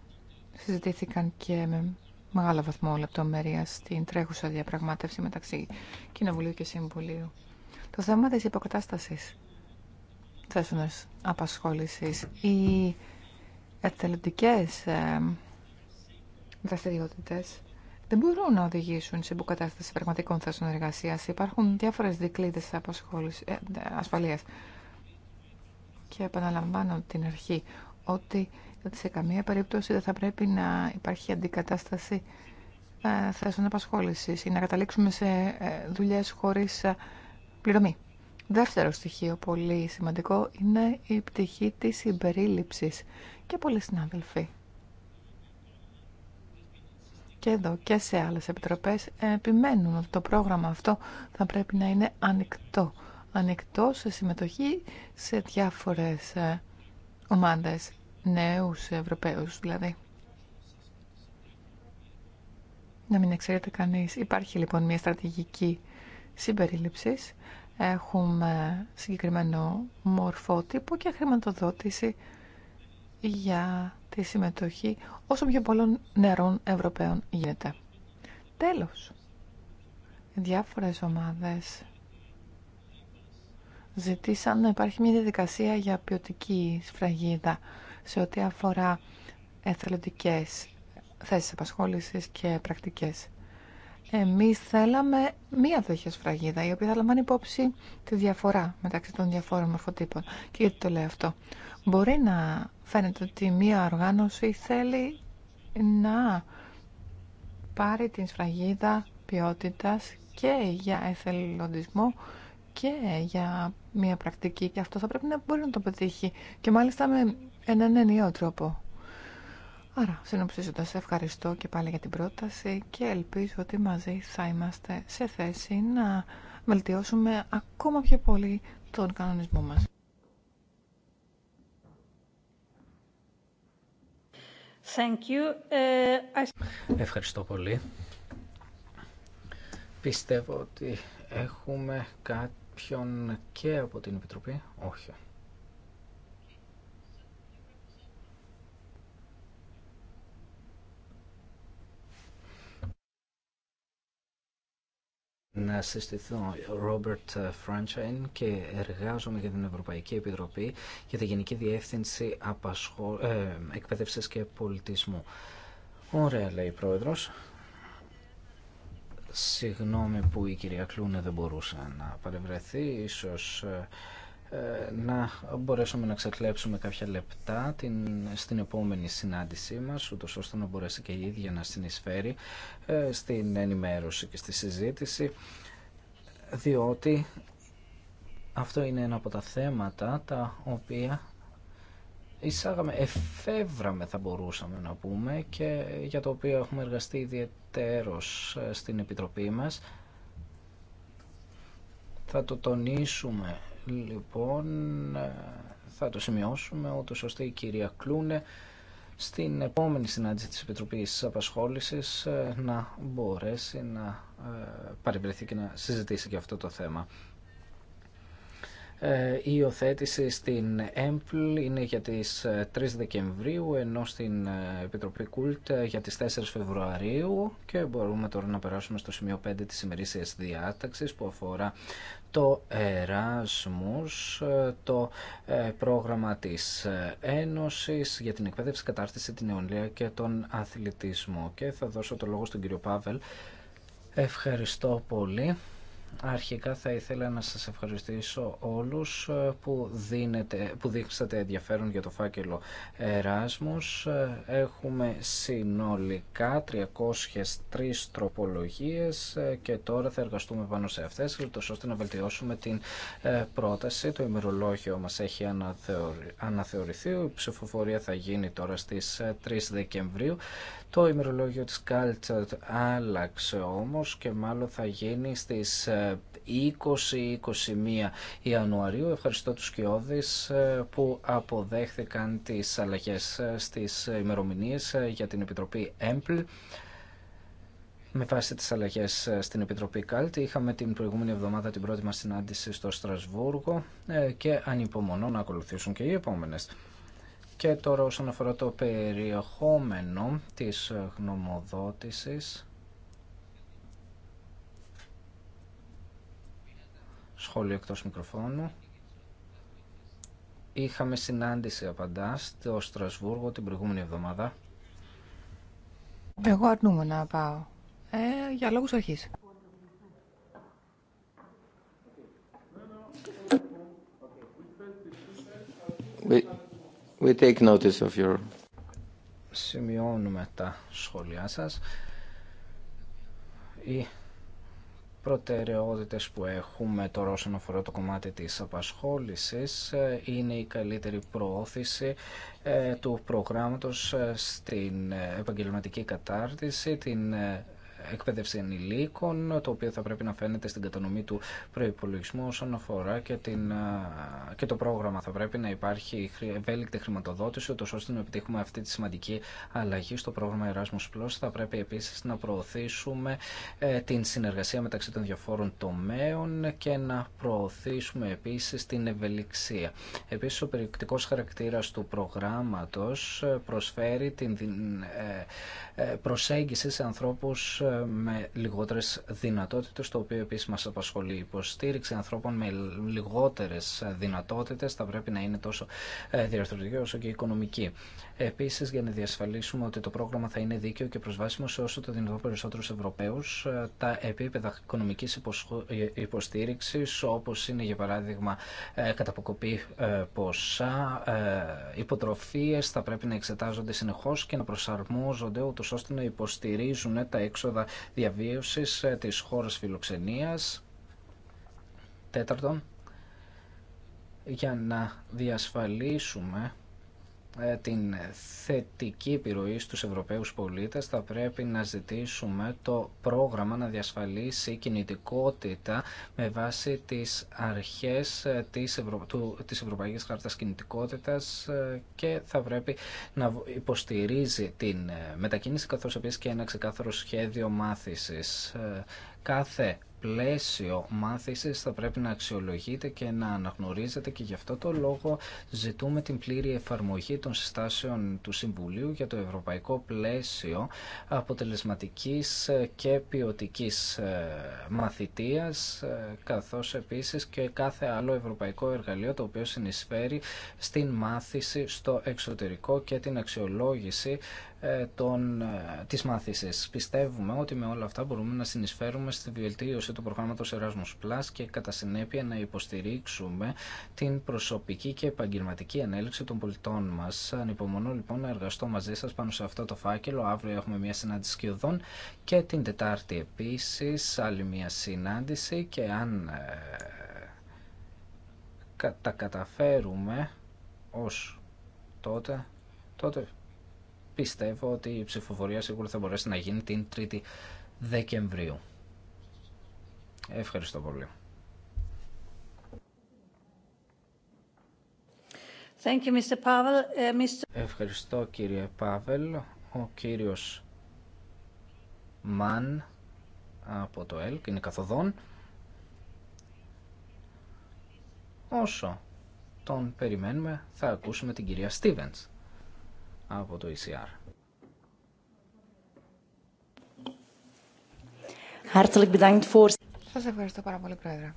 A: Συζητήθηκαν και με μεγάλο βαθμό λεπτομέρεια στην τρέχουσα διαπραγμάτευση μεταξύ Κοινοβουλίου και Συμβουλίου. Το θέμα τη υποκατάσταση θέσεων απασχόλησης. Η εθελοντικές ε, δραστηριότητες δεν μπορούν να οδηγήσουν σε υποκατάσταση πραγματικών θέσεων εργασία. Υπάρχουν διάφορε δικλείδε ε, ασφαλεία. Και επαναλαμβάνω την αρχή ότι σε καμία περίπτωση δεν θα πρέπει να υπάρχει αντικατάσταση ε, θέσεων απασχόληση ή να καταλήξουμε σε δουλειέ χωρί πληρωμή. Δεύτερο στοιχείο πολύ σημαντικό είναι η πτυχή της συμπερίληψης και πολλοί συνάδελφοι. Και εδώ και σε άλλες επιτροπές επιμένουν ότι το πρόγραμμα αυτό θα πρέπει να είναι ανοιχτό. Ανοιχτό σε συμμετοχή σε διάφορες ε, ομάδες νέους Ευρωπαίους δηλαδή. Να μην εξαιρείται κανείς. Υπάρχει λοιπόν μια στρατηγική συμπερίληψης Έχουμε συγκεκριμένο μορφότυπο και χρηματοδότηση για τη συμμετοχή όσο πιο πολλών νερών Ευρωπαίων γίνεται. Τέλος, διάφορες ομάδες ζητήσαν να υπάρχει μια διαδικασία για ποιοτική σφραγίδα σε ό,τι αφορά εθελοντικές θέσεις απασχόλησης και πρακτικές. Εμεί θέλαμε μία τέτοια σφραγίδα, η οποία θα λαμβάνει υπόψη τη διαφορά μεταξύ των διαφόρων μορφοτύπων. Και γιατί το λέω αυτό. Μπορεί να φαίνεται ότι μία οργάνωση θέλει να πάρει την σφραγίδα ποιότητα και για εθελοντισμό και για μία πρακτική και αυτό θα πρέπει να μπορεί να το πετύχει και μάλιστα με έναν ενιαίο τρόπο. Άρα, συνοψίζοντας, ευχαριστώ και πάλι για την πρόταση και ελπίζω ότι μαζί θα είμαστε σε θέση να βελτιώσουμε ακόμα πιο πολύ τον κανονισμό μας. Thank you. Ε,
C: ευχαριστώ πολύ. Πιστεύω ότι έχουμε κάποιον και από την Επιτροπή. Όχι. να συστηθώ Ρόμπερτ ε, Φράντσαϊν και εργάζομαι για την Ευρωπαϊκή Επιτροπή για τη Γενική Διεύθυνση Απασχο... Ε, Εκπαίδευσης και Πολιτισμού. Ωραία λέει η Πρόεδρος. Συγγνώμη που η κυρία Κλούνε δεν μπορούσε να παρευρεθεί, ίσως ε, ε, να μπορέσουμε να ξεκλέψουμε κάποια λεπτά την, στην επόμενη συνάντησή μας, ούτως ώστε να μπορέσει και η ίδια να συνεισφέρει ε, στην ενημέρωση και στη συζήτηση, διότι αυτό είναι ένα από τα θέματα τα οποία εισάγαμε, εφεύραμε θα μπορούσαμε να πούμε και για το οποίο έχουμε εργαστεί ιδιαιτέρως ε, στην Επιτροπή μας. Θα το τονίσουμε λοιπόν ε, θα το σημειώσουμε ούτως ώστε η κυρία Κλούνε στην επόμενη συνάντηση της Επιτροπής Απασχόλησης ε, να μπορέσει να ε, παρευρεθεί και να συζητήσει και αυτό το θέμα. Η υιοθέτηση στην ΕΜΠΛ είναι για τις 3 Δεκεμβρίου ενώ στην Επιτροπή Κούλτ για τις 4 Φεβρουαρίου και μπορούμε τώρα να περάσουμε στο σημείο 5 της ημερήσιας διάταξης που αφορά το Εράσμους, το ε, πρόγραμμα της Ένωσης για την εκπαίδευση, κατάρτιση, την νεολαία και τον αθλητισμό. Και θα δώσω το λόγο στον κύριο Πάβελ. Ευχαριστώ πολύ. Αρχικά θα ήθελα να σας ευχαριστήσω όλους ε, που, δίνετε, που δείξατε ενδιαφέρον για το φάκελο Εράσμους. Έχουμε συνολικά 303 τροπολογίες ε, και τώρα θα εργαστούμε πάνω σε αυτές ώστε να βελτιώσουμε την ε, πρόταση. Το ημερολόγιο μας έχει αναθεωρηθεί. Η ψηφοφορία θα γίνει τώρα στις 3 Δεκεμβρίου το ημερολόγιο της Κάλτσατ άλλαξε όμως και μάλλον θα γίνει στις 20-21 ε, Ιανουαρίου. Ευχαριστώ τους Κιώδης ε, που αποδέχθηκαν τις αλλαγές ε, στις ημερομηνίες για την Επιτροπή ΕΜΠΛ. Με βάση τις αλλαγές στην Επιτροπή ΚΑΛΤ είχαμε την προηγούμενη εβδομάδα την πρώτη μας συνάντηση στο Στρασβούργο και ανυπομονώ να ακολουθήσουν και οι επόμενες. Και τώρα όσον αφορά το περιεχόμενο της γνωμοδότησης, σχόλιο εκτός μικροφώνου, είχαμε συνάντηση απαντά στο Στρασβούργο την προηγούμενη εβδομάδα.
A: Εγώ αρνούμαι να πάω. Ε, για λόγους αρχής.
C: We take notice Σημειώνουμε τα σχόλιά σας. Οι προτεραιότητες που έχουμε τώρα όσον αφορά το κομμάτι της απασχόλησης ε, είναι η καλύτερη προώθηση ε, του προγράμματος ε, στην επαγγελματική κατάρτιση, την εκπαίδευση ενηλίκων, το οποίο θα πρέπει να φαίνεται στην κατανομή του προπολογισμού όσον αφορά και, την, και το πρόγραμμα. Θα πρέπει να υπάρχει ευέλικτη χρηματοδότηση, ούτως ώστε να επιτύχουμε αυτή τη σημαντική αλλαγή στο πρόγραμμα Erasmus+. Θα πρέπει επίση να προωθήσουμε ε, την συνεργασία μεταξύ των διαφόρων τομέων και να προωθήσουμε επίση την ευελιξία. Επίση, ο περιεκτικό χαρακτήρα του προγράμματο ε, προσφέρει την ε, ε, προσέγγιση σε ανθρώπους ε, με λιγότερες δυνατότητες, το οποίο επίσης μας απασχολεί. Η υποστήριξη ανθρώπων με λιγότερες δυνατότητες θα πρέπει να είναι τόσο ε, διαρθρωτική όσο και οικονομική. Επίση, για να διασφαλίσουμε ότι το πρόγραμμα θα είναι δίκαιο και προσβάσιμο σε όσο το δυνατόν περισσότερου Ευρωπαίου, ε, τα επίπεδα οικονομική ε, υποστήριξη, όπω είναι για παράδειγμα ε, καταποκοπή ποσά, υποτροφίε, θα πρέπει να εξετάζονται συνεχώ και να προσαρμόζονται ούτω ώστε να υποστηρίζουν τα έξοδα διαβίωση τη χώρα φιλοξενία. Τέταρτον, για να διασφαλίσουμε ε, την θετική επιρροή στους Ευρωπαίους πολίτες θα πρέπει να ζητήσουμε το πρόγραμμα να διασφαλίσει κινητικότητα με βάση τις αρχές ε, της, Ευρω... της Ευρωπαϊκής Χάρτας Κινητικότητας ε, και θα πρέπει να υποστηρίζει την μετακίνηση καθώς επίσης και ένα ξεκάθαρο σχέδιο μάθησης. Κάθε πλαίσιο μάθησης θα πρέπει να αξιολογείται και να αναγνωρίζεται και γι' αυτό το λόγο ζητούμε την πλήρη εφαρμογή των συστάσεων του Συμβουλίου για το ευρωπαϊκό πλαίσιο αποτελεσματικής και ποιοτικής ε, μαθητείας ε, καθώς επίσης και κάθε άλλο ευρωπαϊκό εργαλείο το οποίο συνεισφέρει στην μάθηση στο εξωτερικό και την αξιολόγηση ε, των, ε, της μάθησης. Πιστεύουμε ότι με όλα αυτά μπορούμε να συνεισφέρουμε στη βελτίωση του προγράμματος Erasmus Plus και κατά συνέπεια να υποστηρίξουμε την προσωπική και επαγγελματική ανέλυξη των πολιτών μας. Ανυπομονώ λοιπόν να εργαστώ μαζί σας πάνω σε αυτό το φάκελο. Αύριο έχουμε μια συνάντηση σκιωδών και την Τετάρτη επίσης άλλη μια συνάντηση και αν ε, τα καταφέρουμε ως τότε, τότε πιστεύω ότι η ψηφοφορία σίγουρα θα μπορέσει να γίνει την 3η Δεκεμβρίου. Ευχαριστώ πολύ.
B: Thank you, Mr. Pavel. Ε, Mr.
C: Ευχαριστώ κύριε Πάβελ. Ο κύριος Μαν από το ΕΛΚ είναι καθοδόν. Όσο τον περιμένουμε θα ακούσουμε την κυρία Στίβενς από το ECR.
A: Σας ευχαριστώ πάρα πολύ, Πρόεδρε.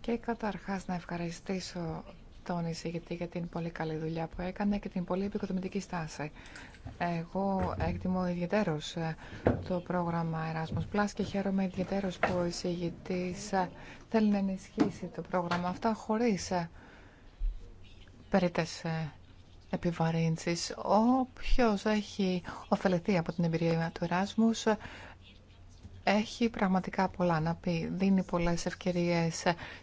A: Και καταρχάς να ευχαριστήσω τον εισηγητή για την πολύ καλή δουλειά που έκανε και την πολύ επικοδομητική στάση. Εγώ εκτιμώ ιδιαίτερω ε, το πρόγραμμα Erasmus Plus και χαίρομαι ιδιαίτερω που ο εισηγητή ε, θέλει να ενισχύσει το πρόγραμμα αυτά χωρί ε, περίτε επιβαρύνσεις. Όποιος έχει ωφεληθεί από την εμπειρία του Εράσμους έχει πραγματικά πολλά να πει. Δίνει πολλές ευκαιρίες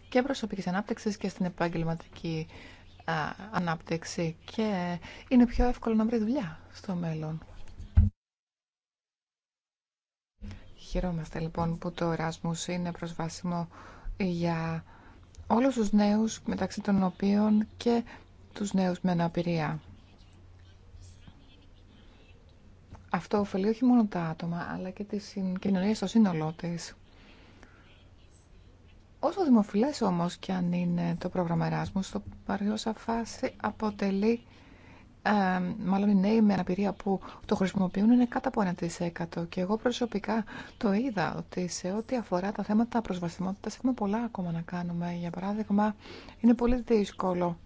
A: και προσωπικής ανάπτυξης και στην επαγγελματική ανάπτυξη και είναι πιο εύκολο να βρει δουλειά στο μέλλον. Χαιρόμαστε λοιπόν που το Erasmus είναι προσβάσιμο για όλους τους νέους μεταξύ των οποίων και τους νέους με αναπηρία. Αυτό ωφελεί όχι μόνο τα άτομα, αλλά και τις κοινωνίες στο σύνολό της. Όσο δημοφιλές όμως και αν είναι το πρόγραμμα Εράσμου, στο παρελθόν φάση αποτελεί, μάλλον οι νέοι με αναπηρία που το χρησιμοποιούν είναι κάτω από 1% και εγώ προσωπικά το είδα ότι σε ό,τι αφορά τα θέματα προσβασιμότητας έχουμε πολλά ακόμα να κάνουμε. Για παράδειγμα, είναι πολύ δύσκολο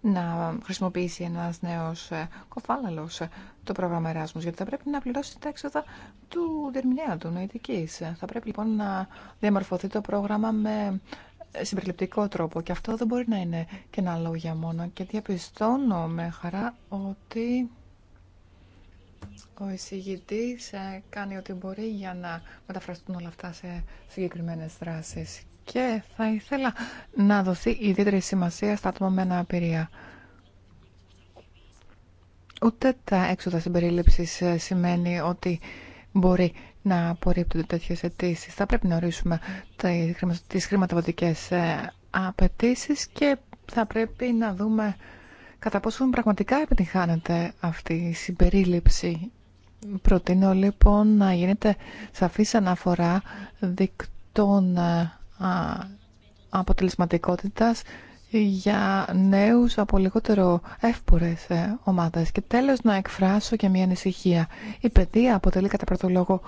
A: να χρησιμοποιήσει ένα νέο ε, κοφάλαλο ε, το πρόγραμμα Εράσμου, γιατί θα πρέπει να πληρώσει τα έξοδα του διερμηνέα, του νοητική. Θα πρέπει λοιπόν να διαμορφωθεί το πρόγραμμα με ε, συμπεριληπτικό τρόπο και αυτό δεν μπορεί να είναι και ένα λόγια μόνο και διαπιστώνω με χαρά ότι ο εισηγητή κάνει ό,τι μπορεί για να μεταφραστούν όλα αυτά σε συγκεκριμένε δράσει και θα ήθελα να δοθεί ιδιαίτερη σημασία στα άτομα με αναπηρία. Ούτε τα έξοδα συμπερίληψη ε, σημαίνει ότι μπορεί να απορρίπτουν τέτοιε αιτήσει. Θα πρέπει να ορίσουμε τι χρηματοδοτικές ε, απαιτήσει και θα πρέπει να δούμε κατά πόσο πραγματικά επιτυχάνεται αυτή η συμπερίληψη. Προτείνω λοιπόν να γίνεται σαφής αναφορά δικτών ε, αποτελεσματικότητας για νέους από λιγότερο εύπορες ε, ομάδες. Και τέλος να εκφράσω και μια ανησυχία. Η παιδεία αποτελεί κατά πρώτο λόγο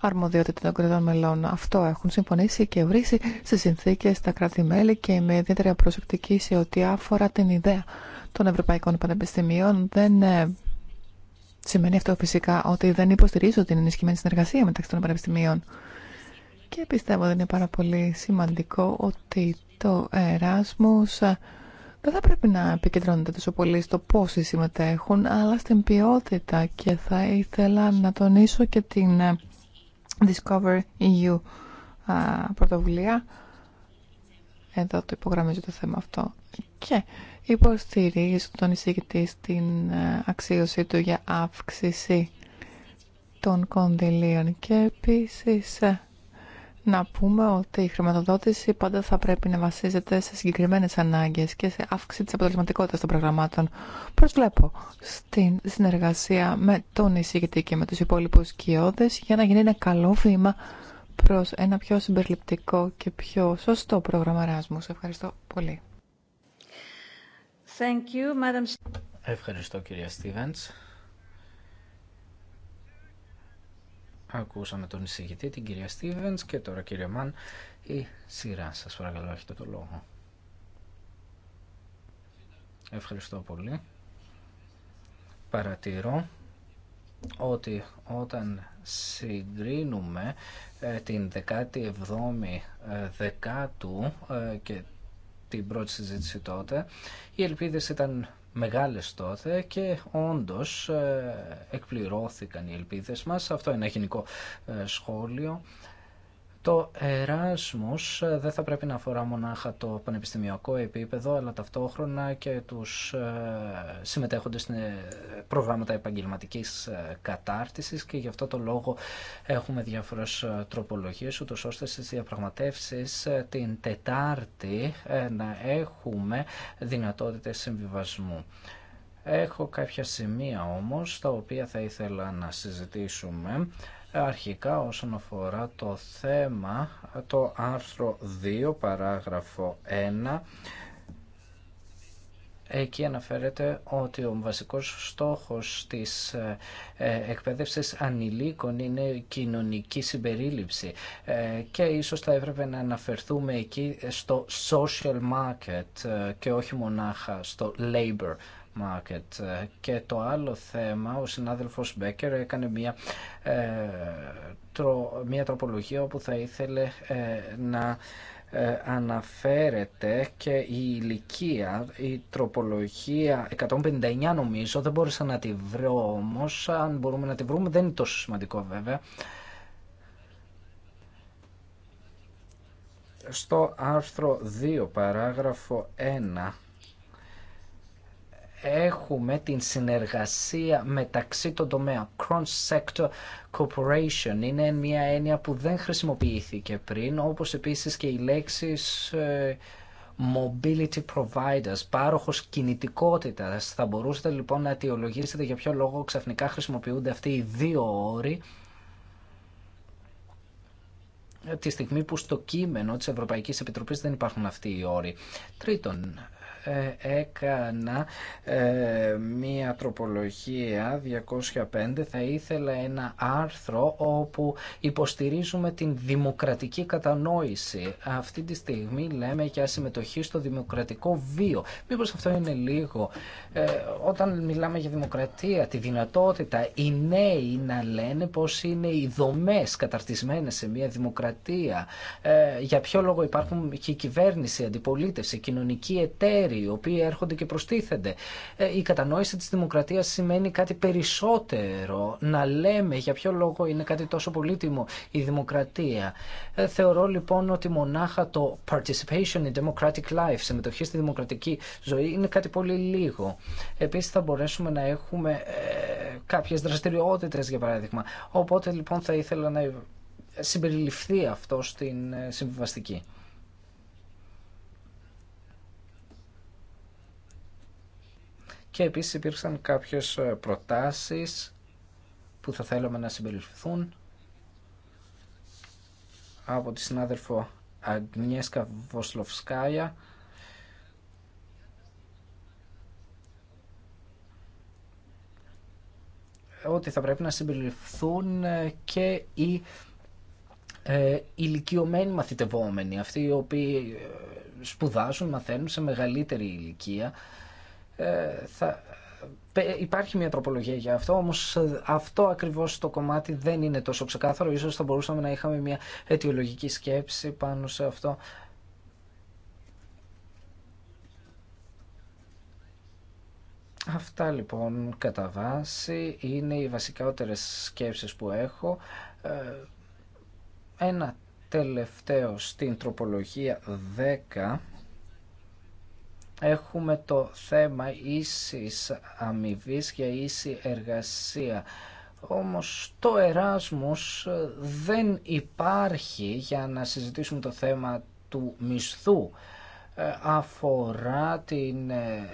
A: αρμοδιότητα των κρατών μελών. Αυτό έχουν συμφωνήσει και βρήσει σε συνθήκες στα κράτη-μέλη και με ιδιαίτερη προσεκτική σε ό,τι αφορά την ιδέα των Ευρωπαϊκών Πανεπιστημίων. Δεν ε, σημαίνει αυτό φυσικά ότι δεν υποστηρίζω την ενισχυμένη συνεργασία μεταξύ των πανεπιστημίων. Και πιστεύω ότι είναι πάρα πολύ σημαντικό ότι το εράσμος δεν θα πρέπει να επικεντρώνεται τόσο πολύ στο πόσοι συμμετέχουν, αλλά στην ποιότητα και θα ήθελα να τονίσω και την ε, Discover EU πρωτοβουλία. Εδώ το υπογραμμίζω το θέμα αυτό. Και υποστηρίζω τον εισηγητή στην ε, αξίωσή του για αύξηση των κονδυλίων και επίσης ε, να πούμε ότι η χρηματοδότηση πάντα θα πρέπει να βασίζεται σε συγκεκριμένε ανάγκε και σε αύξηση τη αποτελεσματικότητα των προγραμμάτων. Προσβλέπω στην συνεργασία με τον εισηγητή και με του υπόλοιπου κοιόδες για να γίνει ένα καλό βήμα προ ένα πιο συμπεριληπτικό και πιο σωστό πρόγραμμα Εράσμου. Ευχαριστώ πολύ.
C: Ευχαριστώ κυρία Στίβεντ. Ακούσαμε τον εισηγητή, την κυρία Στίβενς και τώρα κύριε Μαν η σειρά σας παρακαλώ έχετε το λόγο. Ευχαριστώ πολύ. Παρατηρώ ότι όταν συγκρίνουμε ε, την 17η ε, δεκάτου ε, και την πρώτη συζήτηση τότε, οι ελπίδες ήταν μεγάλες τότε και όντως ε, εκπληρώθηκαν οι ελπίδες μας. Αυτό είναι ένα γενικό ε, σχόλιο. Το εράσμος δεν θα πρέπει να αφορά μονάχα το πανεπιστημιακό επίπεδο, αλλά ταυτόχρονα και τους ε, συμμετέχοντες στην ε, προγράμματα επαγγελματικής ε, κατάρτισης και γι' αυτό το λόγο έχουμε διάφορες τροπολογίες, ούτως ώστε στις διαπραγματεύσεις την Τετάρτη να έχουμε δυνατότητες συμβιβασμού. Έχω κάποια σημεία όμως, τα οποία θα ήθελα να συζητήσουμε. Αρχικά όσον αφορά το θέμα, το άρθρο 2 παράγραφο 1 Εκεί αναφέρεται ότι ο βασικός στόχος της ε, εκπαίδευσης ανηλίκων είναι η κοινωνική συμπερίληψη ε, και ίσως θα έπρεπε να αναφερθούμε εκεί στο social market ε, και όχι μονάχα στο labor market. Και το άλλο θέμα, ο συνάδελφος Μπέκερ έκανε μια, ε, τρο, μια τροπολογία όπου θα ήθελε ε, να ε, αναφέρεται και η ηλικία, η τροπολογία 159 νομίζω, δεν μπόρεσα να τη βρω όμως, αν μπορούμε να τη βρούμε δεν είναι τόσο σημαντικό βέβαια. Στο άρθρο 2 παράγραφο 1 έχουμε την συνεργασία μεταξύ των τομέα. Cross-sector cooperation είναι μια έννοια που δεν χρησιμοποιήθηκε πριν, όπως επίσης και οι λέξεις ε, mobility providers, πάροχος κινητικότητας. Θα μπορούσατε λοιπόν να αιτιολογήσετε για ποιο λόγο ξαφνικά χρησιμοποιούνται αυτοί οι δύο όροι ε, τη στιγμή που στο κείμενο της Ευρωπαϊκής Επιτροπής δεν υπάρχουν αυτοί οι όροι. Τρίτον, ε, έκανα ε, μία ανθρωπολογία 205 θα ήθελα ένα άρθρο όπου υποστηρίζουμε την δημοκρατική κατανόηση. Αυτή τη στιγμή λέμε για συμμετοχή στο δημοκρατικό βίο. Μήπως αυτό είναι λίγο. Ε, όταν μιλάμε για δημοκρατία, τη δυνατότητα οι νέοι να λένε πως είναι οι δομές καταρτισμένες σε μια δημοκρατία. Ε, για ποιο λόγο υπάρχουν και η κυβέρνηση, η αντιπολίτευση, οι κοινωνικοί εταίροι, οι οποίοι έρχονται και προστίθενται. Ε, η κατανόηση της δημοκρατία σημαίνει κάτι περισσότερο. Να λέμε για ποιο λόγο είναι κάτι τόσο πολύτιμο η δημοκρατία. Ε, θεωρώ λοιπόν ότι μονάχα το participation in democratic life, συμμετοχή στη δημοκρατική ζωή, είναι κάτι πολύ λίγο. Επίσης θα μπορέσουμε να έχουμε ε, κάποιες δραστηριότητες για παράδειγμα. Οπότε λοιπόν θα ήθελα να συμπεριληφθεί αυτό στην ε, συμβιβαστική. και επίσης υπήρξαν κάποιες ε, προτάσεις που θα θέλαμε να συμπεριληφθούν από τη συνάδελφο Αγνιέσκα Βοσλοφσκάια ότι θα πρέπει να συμπεριληφθούν ε, και οι ε, ηλικιωμένοι μαθητευόμενοι, αυτοί οι οποίοι ε, σπουδάζουν, μαθαίνουν σε μεγαλύτερη ηλικία ε, θα, υπάρχει μια τροπολογία για αυτό, όμως ε, αυτό ακριβώς το κομμάτι δεν είναι τόσο ξεκάθαρο. Ίσως θα μπορούσαμε να είχαμε μια αιτιολογική σκέψη πάνω σε αυτό. Αυτά λοιπόν κατά βάση είναι οι βασικότερες σκέψεις που έχω. Ε, ένα τελευταίο στην τροπολογία 10 έχουμε το θέμα ίσης αμοιβή για ίση εργασία. Όμως το Εράσμος δεν υπάρχει για να συζητήσουμε το θέμα του μισθού ε, αφορά την, ε,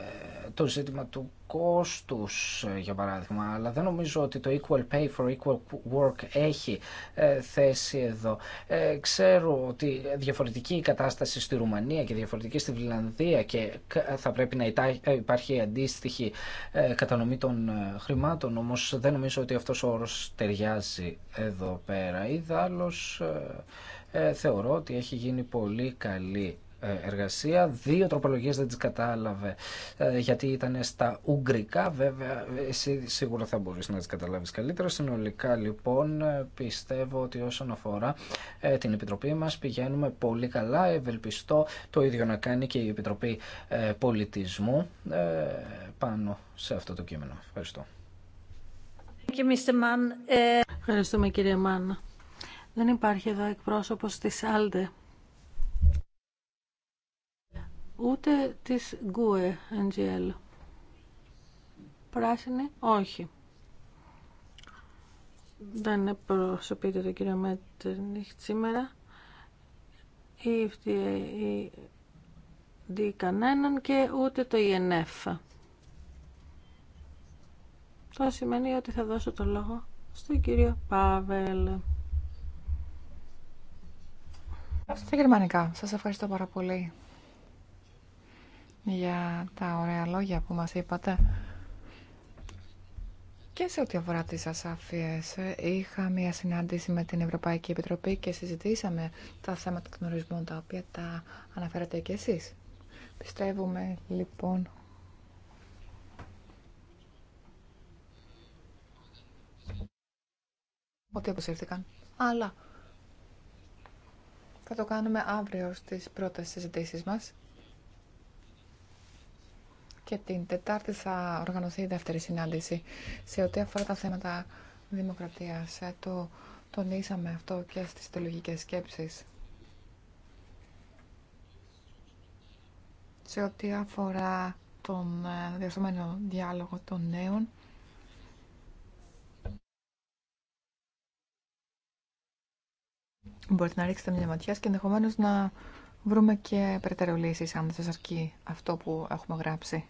C: το ζήτημα του κόστους ε, για παράδειγμα αλλά δεν νομίζω ότι το equal pay for equal work έχει θέση εδώ. ξέρω ότι διαφορετική η κατάσταση στη Ρουμανία και διαφορετική στη Βιλανδία και θα πρέπει να υπάρχει αντίστοιχη ε, κατανομή των χρημάτων όμως δεν νομίζω ότι αυτός ο όρος ταιριάζει εδώ πέρα. Ή ε, θεωρώ ότι έχει γίνει πολύ καλή ε, εργασία. Δύο τροπολογίες δεν τις κατάλαβε ε, γιατί ήταν στα ουγγρικά. Βέβαια, εσύ σίγουρα θα μπορούσες να τις καταλάβεις καλύτερα. Συνολικά, λοιπόν, πιστεύω ότι όσον αφορά ε, την Επιτροπή μας πηγαίνουμε πολύ καλά. Ευελπιστώ το ίδιο να κάνει και η Επιτροπή Πολιτισμού πάνω σε αυτό το κείμενο. Ευχαριστώ.
B: Ευχαριστούμε κύριε Μάν. Δεν υπάρχει εδώ εκπρόσωπος της αλτε ούτε της Γκουε NGL. Πράσινη, όχι. Δεν προσωπείται το κύριο Μέτερνιχτ σήμερα. Η FDA η D κανέναν και ούτε το INF. Το σημαίνει ότι θα δώσω το λόγο στον κύριο Πάβελ.
A: Στα γερμανικά. Σας ευχαριστώ πάρα πολύ για τα ωραία λόγια που μας είπατε. Και σε ό,τι αφορά τις ασάφειες, είχα μία συνάντηση με την Ευρωπαϊκή Επιτροπή και συζητήσαμε τα θέματα του ορισμών, τα οποία τα αναφέρατε και εσείς. Πιστεύουμε, λοιπόν, ότι αποσύρθηκαν. Αλλά θα το κάνουμε αύριο στις πρώτες συζητήσεις μας και την Τετάρτη θα οργανωθεί η δεύτερη συνάντηση σε ό,τι αφορά τα θέματα δημοκρατίας. Ε, το τονίσαμε αυτό και στις τελογικές σκέψεις. Σε ό,τι αφορά τον ε, διαστομένο διάλογο των νέων, μπορείτε να ρίξετε μια ματιά και ενδεχομένω να βρούμε και περαιτέρω λύσεις αν σας αρκεί αυτό που έχουμε γράψει.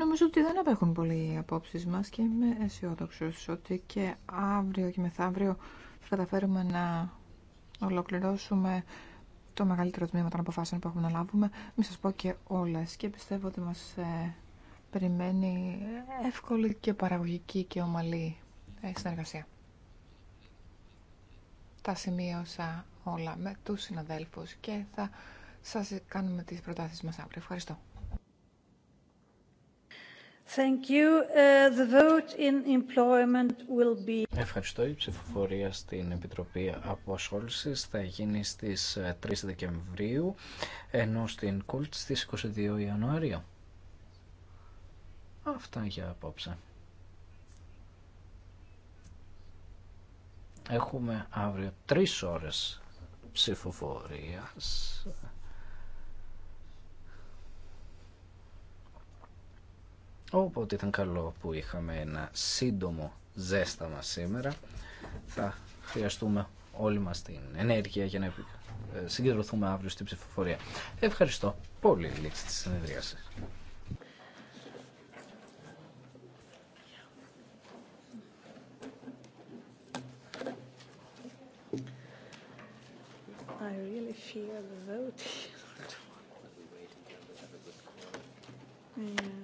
A: Νομίζω ότι δεν απέχουν πολύ οι απόψεις μας και είμαι αισιόδοξο ότι και αύριο και μεθαύριο θα καταφέρουμε να ολοκληρώσουμε το μεγαλύτερο τμήμα των αποφάσεων που έχουμε να λάβουμε. Μην σας πω και όλες και πιστεύω ότι μας ε, περιμένει εύκολη και παραγωγική και ομαλή ε, συνεργασία. Τα σημείωσα όλα με τους συναδέλφους και θα σας κάνουμε τις προτάσεις μας αύριο. Ευχαριστώ. Thank you. Uh, the will be...
C: Ευχαριστώ. Η ψηφοφορία στην Επιτροπή Αποσχόλησης θα γίνει στις 3 ε, Δεκεμβρίου, ενώ στην Κούλτ στις 22 Ιανουαρίου. Αυτά για απόψε. Έχουμε αύριο τρεις ώρες ψηφοφορίας. Οπότε ήταν καλό που είχαμε ένα σύντομο ζέσταμα σήμερα. Θα χρειαστούμε όλη μας την ενέργεια για να ε, συγκεντρωθούμε αύριο στην ψηφοφορία. Ευχαριστώ πολύ λήξη της συνεδρίασης.
B: I